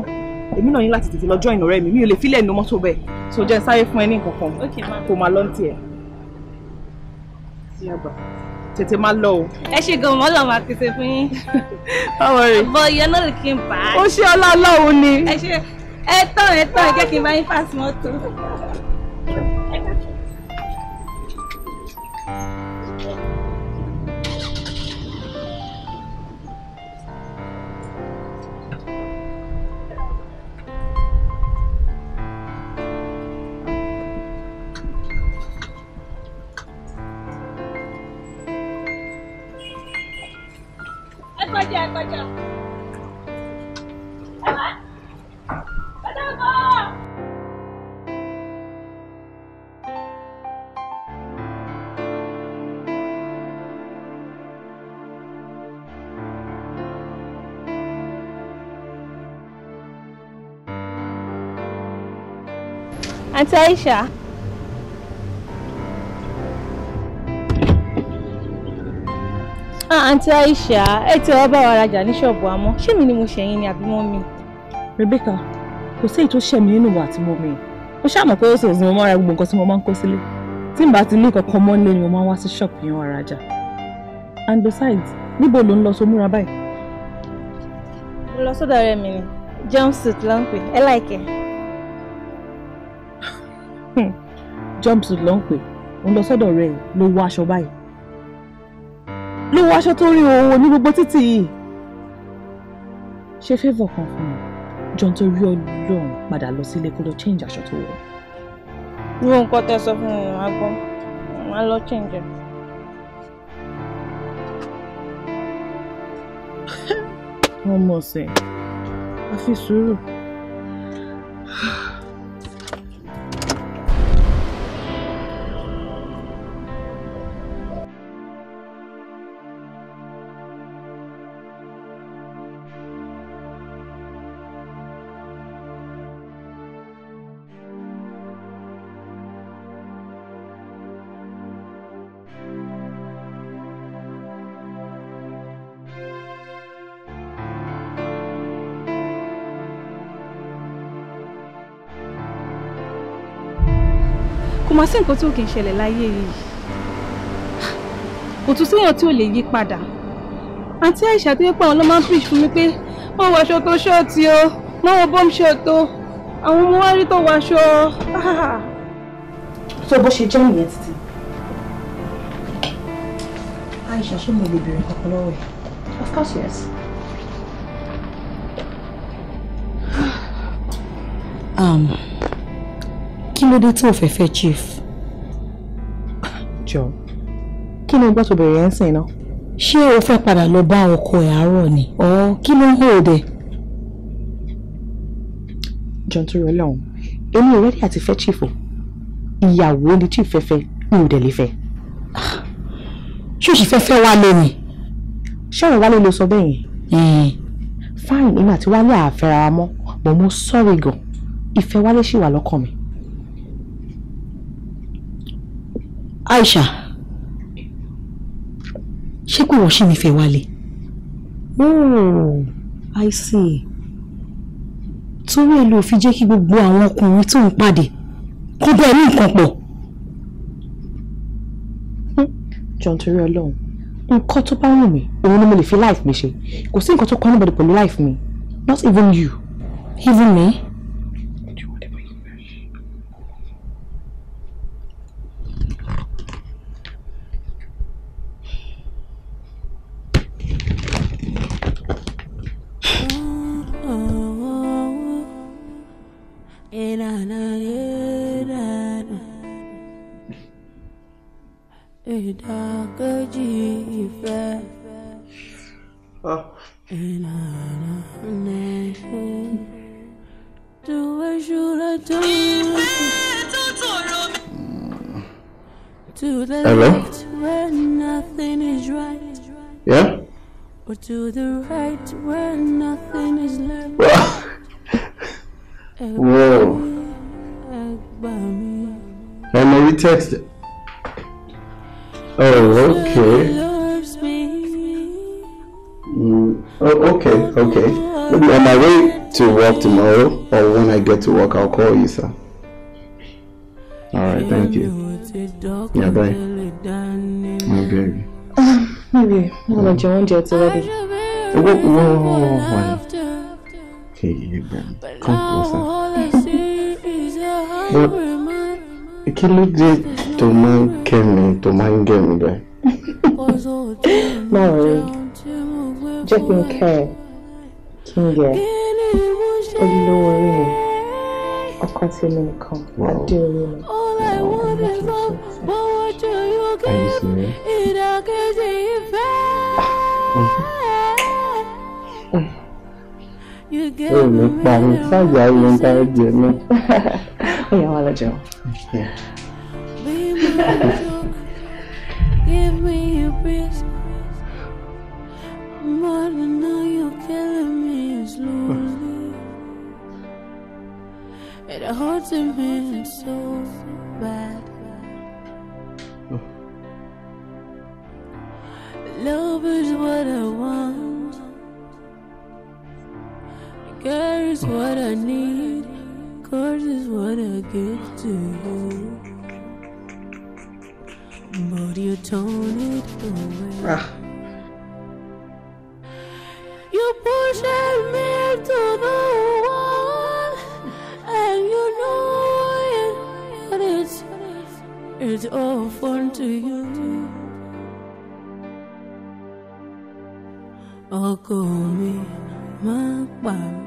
èmi náà ní láti tètè lọ́jọ́ ìnọ̀rẹ́ mi mi ò lè fílẹ̀ nu mọ́tò bẹ́ẹ̀ so jẹ́ sáré fún ẹ ní nǹkan kan kó máa lọ ní tiẹ̀. tètè máa lọ o. ẹ ṣe gan mọ́lọ̀ máa pèsè fún yín. báwo rè. bọ iye náà lè kí n bá a. ó ṣe ọlá ọlọ́run ni. ẹ ṣe ẹ tán ẹ tán jẹ́ kí n bá yín pass mọ́tò. Auntie Aisha. Ah, Auntie Aisha, ẹ ti wá bá wa rajà ní ṣọ́ọ̀bù àmọ́ ṣé mi ni mo ṣẹ̀yìn ni àbí mọ́mì? Rebecca, kò sí èyí tó ṣẹ̀mí nínú wa àti mọ́mì. Mo ṣàmọ̀ pé ó sì òsì mo máa ra gbogbo nǹkan tí mo máa ń kó sílé. Tí n bá ti ní kankan mọ́ nílé ni mo máa ń wá sí ṣọ́ọ̀bù yẹn wá rajà. And besides, níbo ló ń lọ so múra báyìí? Mo lọ sọ́dọ̀ ọ̀rẹ́ mi ni, suit, ló ń pè, ẹ láìkẹ́. jumpsuit ló ń pè òun lọ sọ́dọ̀ rẹ̀ ló wọ aṣọ báyìí ló wọ aṣọ tó rí òwò ní gbogbo títì yìí ṣe favour kan fún mi john tó rí ọlọ́run padà lọ sílé kó lọ change aṣọ tó wọ. ní ohun kan tẹ sọ fún mi màá gbọ́ lọ change. ọmọ ọ̀sẹ̀ a fi sùúrù. kò mà sí nǹkan tí ò kì í ṣẹlẹ̀ láyé yìí kò tún síyàn tí ò lè yí padà àǹtí àìsà tó yẹ pé àwọn ló máa ń preach fún mi pé má wọ aṣọ tó ṣọ́ọ̀tì o má wọ bọ́m ṣọ́ọ̀tì o àwọn ọmọ wa rí tó wọ aṣọ. tó bó ṣe jẹ́ nìyẹn títí. àìsà ṣé mo lè béèrè kankan lọ́wọ́ ẹ̀. of course yes. um, ló dé tí ò fẹ́ fẹ́ chief. jọ kí ló ń gbọ́ tó bẹ̀rẹ̀ ẹ̀ ń sìn náà. ṣé o fẹ́ padà lọ bá ọkọ ẹ̀ àárọ̀ ni ọ̀ kí ló ń hó o dẹ̀. john tó rọ lọ́hùn èmi ò rẹ́dí àti fẹ́ chief o ìyàwó ni chief fẹ́ fẹ́ mi ò dẹ̀ lè fẹ́. ṣé o sì fẹ́ fẹ́ wá lónìí. ṣé ọ̀rọ̀ wálé ló sọ bẹ́ẹ̀ yẹn. fáìn èmi àti wálé àfẹ́ra wa mọ́ mọ̀ mo sọ́ọ̀rì gan ìfẹ́ wálé ṣì wà lọ́kàn mi. Aisha ṣé kò wọ́n ṣì ní fẹ́ wálé. oh I see torí èlò òfin jẹ́ kí gbogbo àwọn ọkùnrin tó ń pàdé kó bẹ́ẹ̀ ní nǹkan pọ̀. John torí Ọlọ́run nǹkan tó bá wù mí òun ni mo lè fi life mi ṣe kò sí nǹkan tó kọ́ níbọ̀dì pẹ̀lú life mi not even you. even me. ìdákejì ìfẹ́. ìlànà nẹ́ẹ̀kún tó wá ṣúra tó ń lọ. To the Hello? left when nothing is right. Yeah? Or to the right when nothing is left. Whoa. Whoa. Ẹ̀gbọ́n mi. Ẹ̀mọ̀ rí Oh, okay. Mm, oh, okay, okay. Maybe on my way to work tomorrow, or when I get to work, I'll call you, sir. All right, thank you. Yeah, bye. My baby. Um, maybe. I'm going to join you already. Whoa, whoa, whoa, whoa. Hey, you Come closer. kí ló dé tó máa ń kẹ́ mi tó máa ń gẹ̀ mí bẹ́ẹ̀. máa rí jẹ́ kí n kẹ́ ẹ kí n gẹ̀ ẹ́ olówó orí mi ọkọ tí mi nìkan adé orí mi. Ayé sì ni. Ó pa mi sáàjà ìwé ń ta ẹ̀jẹ̀ náà. yeah, I'll let you. Yeah. Give me a breeze. More than now, you're killing me slowly. It hurts me so bad. Love is what I want. Girl is what I need. Cause it's what I give to you. But you tone it away. Ugh. Ah. You push me to the wall, and you know it, but it's, it's all fun to you. Oh, call me my wife.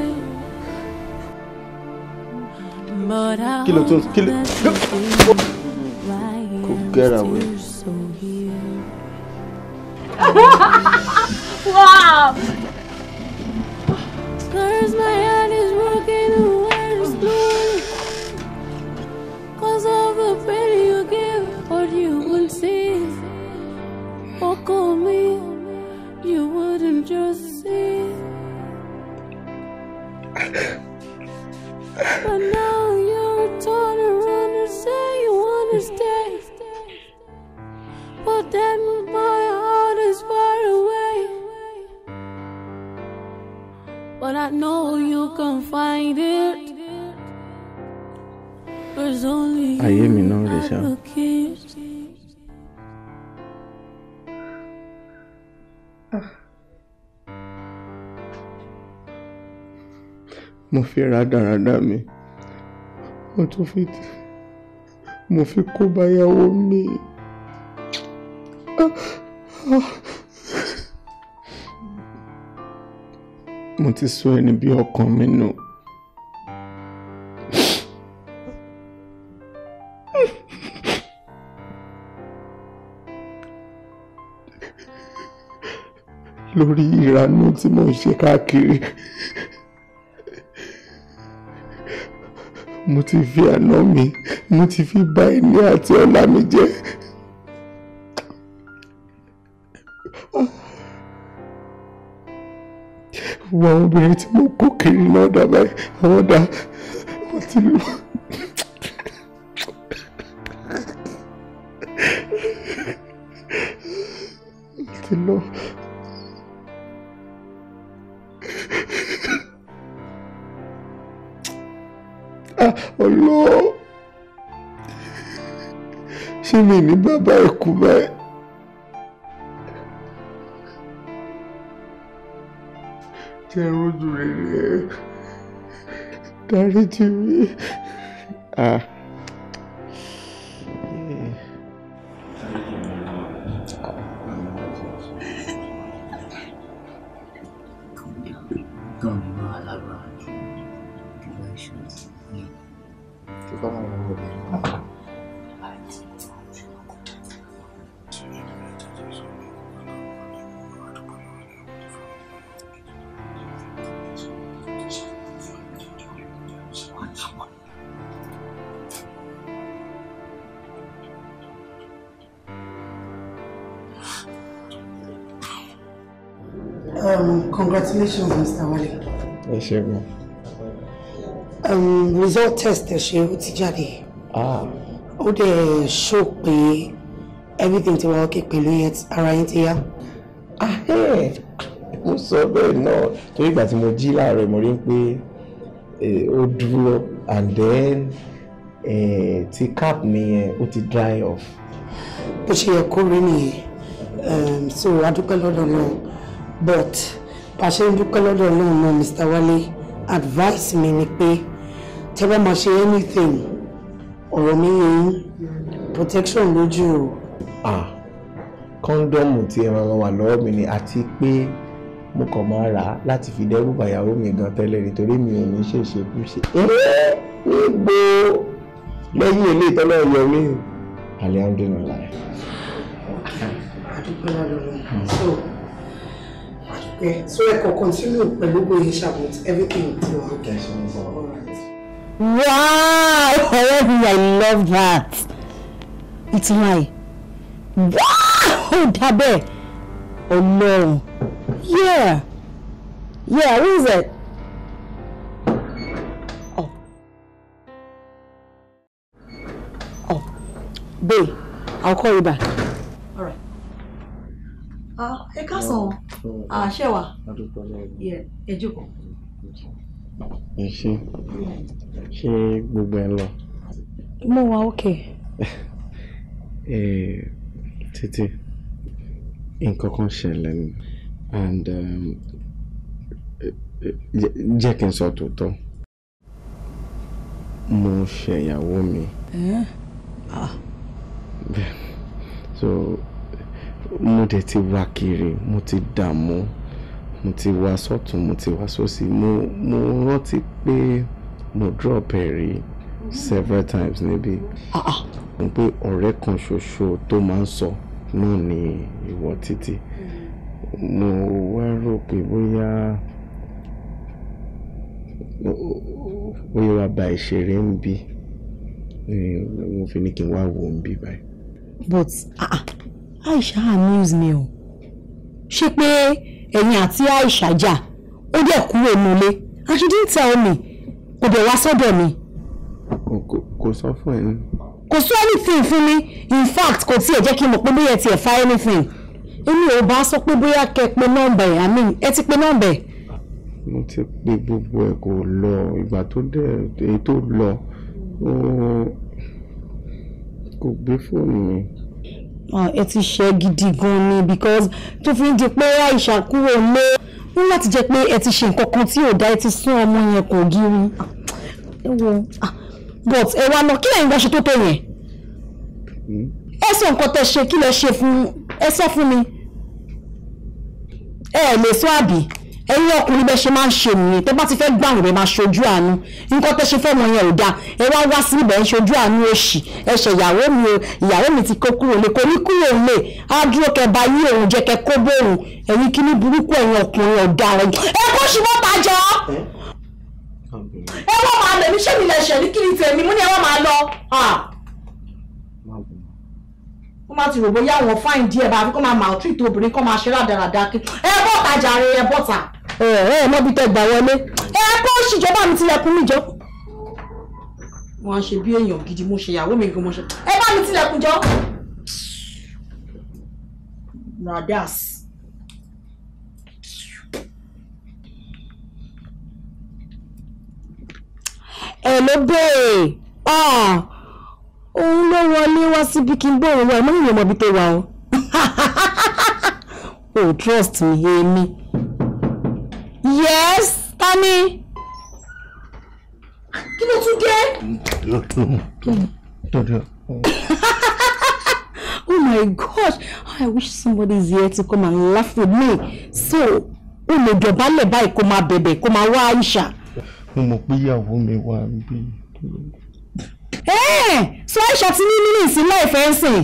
kí ló tún kí ló get away. wow. Where's my? ayé mi náà rè ṣá. mo fi rádaràda mi mo tún fi mo fi kó báyàwó mi. Ah, ah. mo ti sọ ẹni bí ọkàn mi nù. lórí ìranú tí mò ń ṣe káàkiri mo ti fi àná mi mo ti fi bà ẹni àti ọlá mi jẹ́. wo àwọn obìnrin tí mo kó kiri náà dà báyìí àwọn dà wọ́n ti lù. ti lọ. Ah, ọlọ́ọ̀ ṣé mi ní bàbá ẹ̀kú báyìí. jẹ́ rojú rere dáríjì mi. Ah. ṣẹ́gun. Um, result test ẹ ṣe ó ti jáde ah. ó dẹ̀ ṣó pé everything ti wá ókè pẹ̀lú yẹn ara yín ti yá. mo sọ bẹ́ẹ̀ náà torí ìgbà tí mo jí láàárọ̀ mo rí pé ó dúró and then ti cap mi yẹn ó ti dry off. bó ṣe yẹ kó rí nìyẹn um, so adúpẹ́ lọ́dọ̀ náà but pàṣẹ ń dúpẹ́ lọ́dọ̀ náà náà Mr. Wale advice mi ni pé tẹ́ bá máa ṣe anything ọ̀rọ̀ mi yẹn protection lójú o. ah kọ́ńdọ́ọ̀mù tí ẹ máa wà lọ́wọ́ mi ni àti pé mo kàn máa rà á láti fi dẹ́rù bàyàwó mi gan tẹ́lẹ̀ nítorí mi ò ní ṣèṣe kú ṣe. níbo lẹ́yìn ilé ìtọ́lá ọ̀yọ́ mi alihamdulilayi. adúpẹ́ lọ́dọ̀ rẹ̀ so. Yeah, so I can continue pẹ̀lú Boyesha with everything you want. Okay, so all right. Wow! However, I love that. It's my. Wow! Dabe! Oh no. Yeah. Yeah, who is it? Oh. Oh. Babe, I'll call you back. Alright. right. Uh, hey, Castle. Ah, wa ẹ jókòó. ẹ ṣe ṣe gbogbo ẹ lọ. mo wà ókè. títí nǹkan kan ṣẹlẹ̀ ni and um, jẹ́ kí n sọ tòótọ́ mo ṣẹ̀yàwó mi. bẹ́ẹ̀ so mo dẹ̀ ti wá kiri mo ti dààmú mo ti wá sọ́tún mo ti wá sósì mo mo rántí pé mo drop ẹ̀ several times níbí ah, ah. mo pé ọ̀rẹ́ kan ṣoṣo tó máa ń sọ náà ni ìwọ títí mo wá rò pé bóyá bóyá wàá ba ìṣeré ń bí mo fi ní kí n wá wò ó ń bí báyìí. but ah, ah. Aisha amuse mi o ṣe pé ẹ̀yin àti Aisha jà ó dẹ̀ kúrò nílé and she didn't tell me kò dẹ̀ wá sọ́dọ̀ mi. kò sọ fún ẹ. kò sọ anything fún mi in fact kò tiẹ̀ jẹ́ kí n mọ̀ pé bóyá ẹ tiẹ̀ fa anything èmi ò bá sọ pé bóyá kẹ pé nọ́mbà ẹ̀ àmì ẹ ti pé nọ́mbà ẹ̀. mo ti pe gbogbo ẹ kò lọ ìgbà tó dé èyí tó lọ kò gbé fóònù mi. Ah, ẹ ti ṣe gidi gan ni because tó fi ń di pé Aisha kúrò lé ní láti jẹ́ pé ẹ ti ṣe nǹkan kan tí ò dá ẹ ti sún ọmọ yẹn kò gírí ah, ah, but ẹ wá lọ kí lẹ́yìn bá ṣe tó tó yẹn hmm? ẹ sọ nǹkan tẹ́ ṣe kí lẹ ṣe fún ẹ sọ fún mi ẹ lè sọ àbí ẹ̀yin ọkùnrin bẹ́ẹ̀ ṣe máa ń ṣe nìyẹn tẹ́ bá ti fẹ́ gbàrún bẹ́ẹ̀ máa ṣojú àánú nǹkan tẹ́ ṣe fẹ́ mọ yẹn ò dáa ẹ wá wá sí ibẹ̀ ẹ ṣojú àánú òṣì ẹ ṣe ìyàwó mi o ìyàwó mi ti kó kúrò lè kò ní kúrò lè á dúró kẹ bá yí òun jẹ kẹ kó bóun ẹ̀yin kíní burúkú ẹ̀yin ọkùnrin ọ̀daràn ẹ kó ṣubọ́ tajọ́ ẹ wọ́n máa lèmi ṣé mi lè ṣẹ̀ ní kíni tèmi mú ni ẹ wọ́n máa lọ kó má ti rò bóyá àwọn fáìn díẹ̀ bá àbí kó máa maltreat obìnrin kó máa ṣe rádaràda kí ẹ bọ́ta jàre ẹ bọ́ta ẹ eh, ẹ eh, mọ́bi tẹ gbà wọlé eh, ẹ kó ṣìjọba mi tilẹ̀kùn mi jọ. wọn á ṣe bí èèyàn gidi mo ṣe ìyàwó mi gan mo ṣe ẹ bá mi tilẹ̀kùn jọ. radas. ẹ ló bẹ́ẹ̀ ah, òun ló wọlé wá síbi kí n bóun wá ẹ mọ́ ìyẹn mọ́bi tó wà o. o oh, trust me èmi yes tani kí ló tún dé. oh my God! i wish somebody is here to come and laugh with me so o lè dọ̀bálẹ̀ báyìí kó máa bẹ̀bẹ̀ kó máa wá àìsà. mo mọ̀ pé ìyàwó mi wà níbí. Eh, so àìsà ti ní nínú ìsìnlẹ̀ ìfẹ́ ń sìn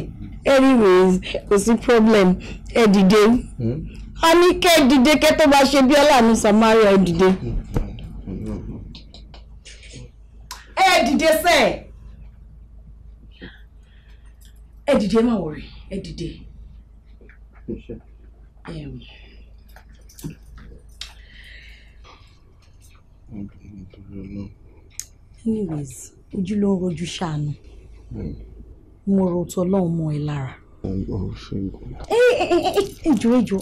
anyways kò sí problem ẹ dìde. Hmm? a ní kẹ́ dìde kẹ́ tó bá ṣe bí ọlànà Samaria ẹ dìde. ẹ dìde sẹ́ ẹ dìde má wọrí ẹ dìde. anyways ojú ló rojú ṣàánú mo rò tó ọlọ́run mọ́ ẹ lára. ẹ ẹ ẹ ẹ jọ ẹ jọ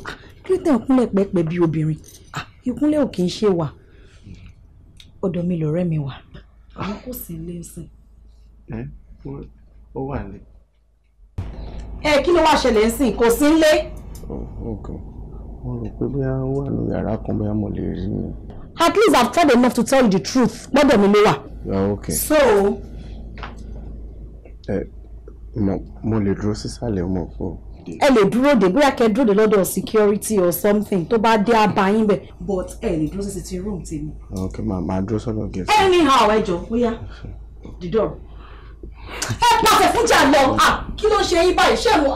kí ló tẹ̀ ń kúnlẹ̀ pẹ́pẹ́ bí obìnrin ìkúnlẹ̀ ò kì í ṣe wà ọ̀dọ̀ mi lọ̀rẹ́ mi wà. àwọn kò sí ilé ńsìn. ẹ ó wà ní. ẹ kí ló wàá ṣẹlẹ̀ ńsìn kò sí ńlé. wọ́n rò pé bóyá ó wà ní yàrá kan bóyá mo lè rí ni. at least I've tried enough to tell you the truth gbọ́dọ̀ mi ló wà. Ah, okay. so. ẹ mo lè dúró sísàlẹ̀ mọ̀ fún ọ ẹ lè dúró dè bóyá kẹ́ dúró dè lọ́dọ̀ security or something tó bá dé abayín bẹ̀ but ẹ lè dúró sí ti room tèmi. ok màá màá dúró sọ́dọ̀ gẹ̀ẹ́sì. anyhow ẹ jọ bóyá the door ẹ pàṣẹ fújà lọ kí ló ṣe yín báyìí ṣé mo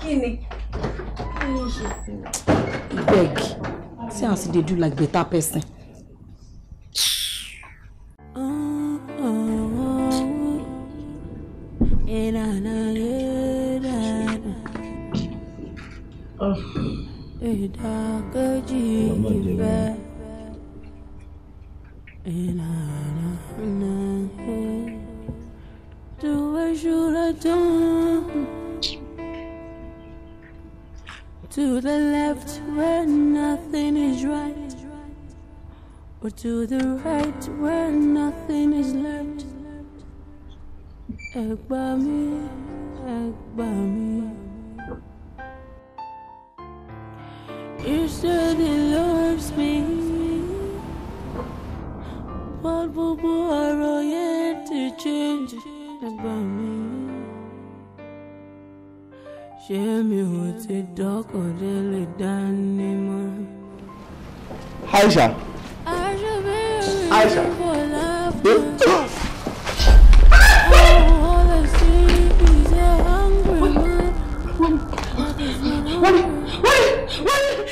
kí ni kí ló ṣe. beg see as you dey do like better person. tó the left where nothing is right, or to the right where nothing is left. Ẹ mí, ẹ mí. You surely loves me. What will borrow yet to change about me? Shame mi ò ti dọ́kọ̀ délé dání mọ́? Aisha. Aisha bẹ́ẹ̀ Aisha. What? What? What? What?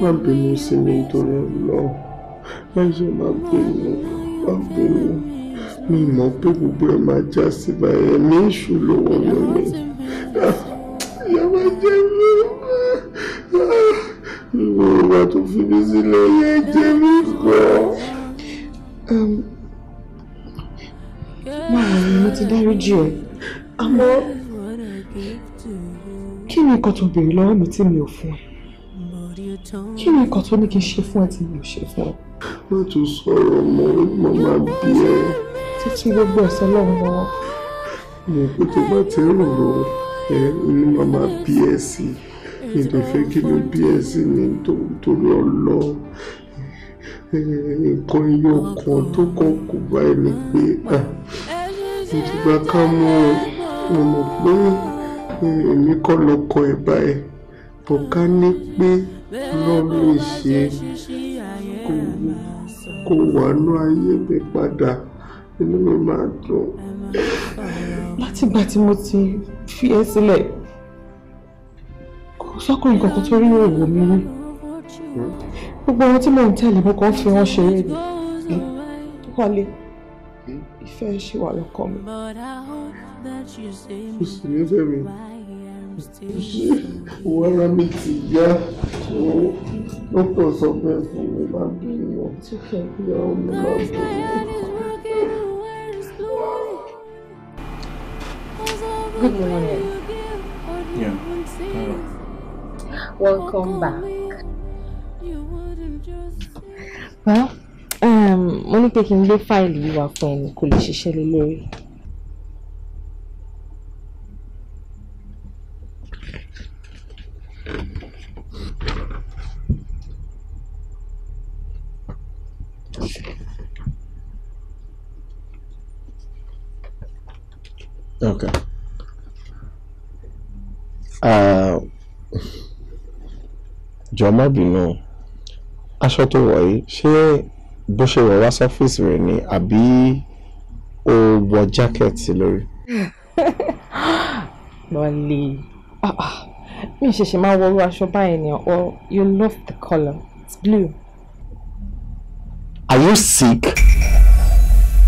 má bínú sí mi nítorí ọlọ́run má ṣe má bínú má bínú mi mọ̀ pé gbogbo ẹ̀ máa já sí báyẹn ní ìṣù lówó ní mi ìyá má jẹ́ mi ìwọ ìwà tó fi mí sílẹ̀ yẹ jẹ́ mi kọ́. máa mo ti dáríjì ẹ àmọ́ kí ni nǹkan tó béèrè lọ́wọ́ mi tí mi ò fún ẹ kí ni nǹkan tó ní kí n ṣe fún ẹ tí mi ò ṣe fún ẹ. má tún sọ̀rọ̀ mọ́ mo bí ẹ. títí gbogbo ẹ̀sẹ̀ lọ́wọ́ lọ́wọ́. mo kó tó bá ti rò ó ẹ ní màmá bí ẹ sí i èdè fẹ́ kí ló bí ẹ sí ni torí ọlọ́ nǹkan iye ọkàn tó kàn kò bá ẹ ní pé mo ti gba ká mọ́ ọ mo mọ̀ pé èmi kọ́ lọ́kọ̀ ẹ̀ báyìí bọ̀ká ní pé lọ́mọ ìṣe kò wọnú ayé mi padà inú mi máa dùn. látìgbà tí mo ti fi ẹ́ sílẹ̀ kò sọ́kùnrin kankan tó rí òwò mi rí gbogbo ohun tí mò ń tẹ̀lé mo kàn fi wọ́n ṣeré ni wálé ìfẹ́ ṣì wà lọ́kọ mi. kò sì ní fẹ́ mi owó ara mi ti yá dókítà sọ bẹ́ẹ̀ fún mi má bínú ìyàwó mi má bínú. Good morning. Yeah. Welcome back. Well, um, mo ní pé kí n gbé fáìlì yìí wá fún ẹni kò lè ṣiṣẹ́ lé lórí. Okay. Uh, Jọ̀ọ́ má bínú aṣọ tó wọ̀ yìí ṣé bó ṣe wọ̀ wá sọ́fíìsì rẹ̀ ni àbí o wọ jákẹ́ẹ̀tì lórí. lọ́lẹ̀ ah, ah mi ṣe ṣe máa wọrú aṣọ báyìí ni or you love the colour it's blue. are you sick?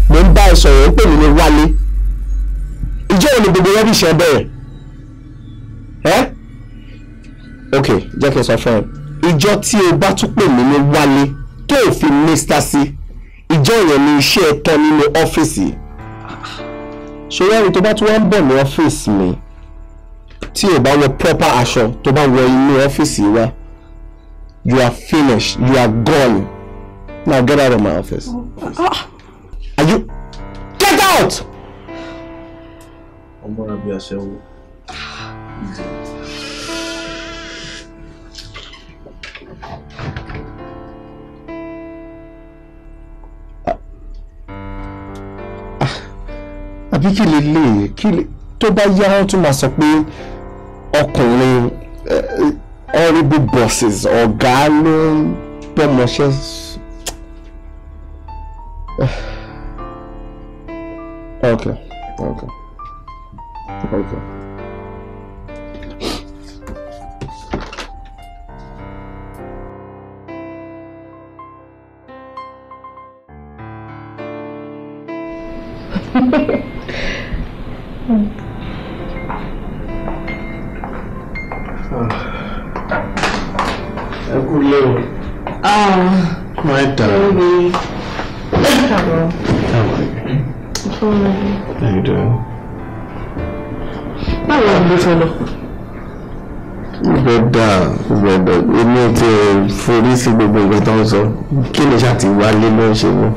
mo ń bá ẹ sọ̀rọ̀ ń pè mí ní wálé ìjọ òní gbogbo rẹ́bí ṣe bẹ́ẹ̀ ẹ́ ok jẹ́ kí n sọ fún ẹ ìjọ tí o bá tún pè mí ní wálé tó o fi mr sí ìjọ yẹn ni iṣẹ́ ẹ tán nínú ọ́fíìsì ṣòwò ẹ̀rí tó bá tún wá ń bọ̀ ní ọ́fíìsì mi tí o bá wọ proper aṣọ tó bá wọ inú ọ́fíìsì wa you are finished you are gone now get out of my office are you get out. ọmọ rẹ bí aṣẹ wo. Ah, àbí kí lè lè kí lè tó bá yá wọn tún máa sọ pé ọkùnrin eh, eh, horrible bosses ọ̀gá ló ń bọ́mọṣẹ́. okay okay okay. tí o forí sí gbogbo nǹkan tó ń sọ kí ló ṣáà ti wálé ló ṣe mọ́.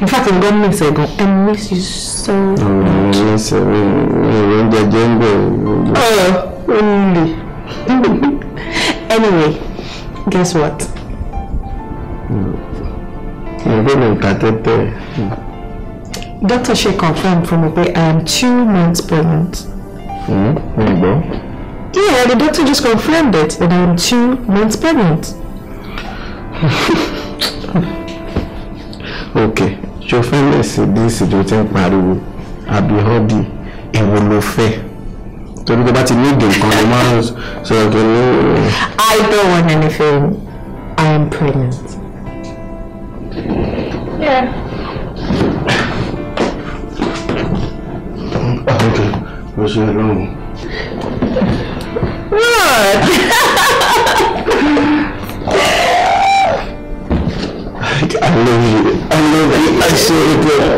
in fact n gan miss ẹ gan i miss you so much. Mm, yes ẹ mi ò ń jẹjẹ ń bẹ. ọ̀rọ̀ ó ń lè. anyway guess what. mo mm. gbọ́dọ̀ nǹkan tẹ́tẹ́. doctor ṣe confirm fún mi pé i am two months pregnant. ǹ mm, ǹ gbọ́. Yeah, the doctor just confirmed it that I'm two months pregnant. okay, your friend is this situation pariwo àbí hobby èwo ló fẹ́ torí tó bá ti ní ìdè nǹkan ló máa So sọ pé ní. I don't want anything. I am pregnant. Yeah. Oh, okay, mo ṣe lóhùn. What? I love you. I love you. I say it.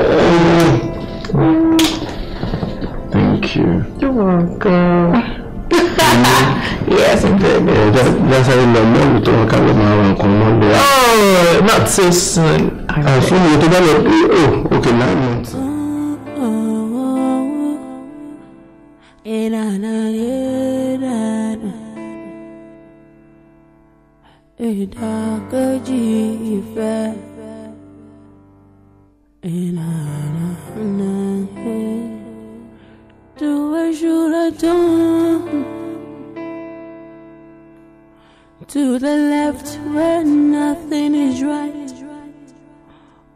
Thank you. You're welcome. Mm. yes, I'm very yeah, That's how in the morning to work out my own command. Oh, not so soon. I'm uh, so you to oh, okay, nine months. Oh, oh, oh, oh. tó the left where nothing is right,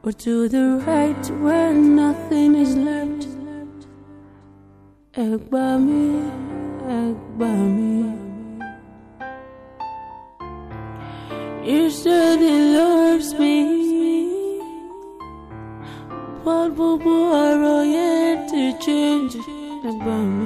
or to the right where nothing is left. Ẹ by me. ẹ by me. You surely loves me. What will I to change about me?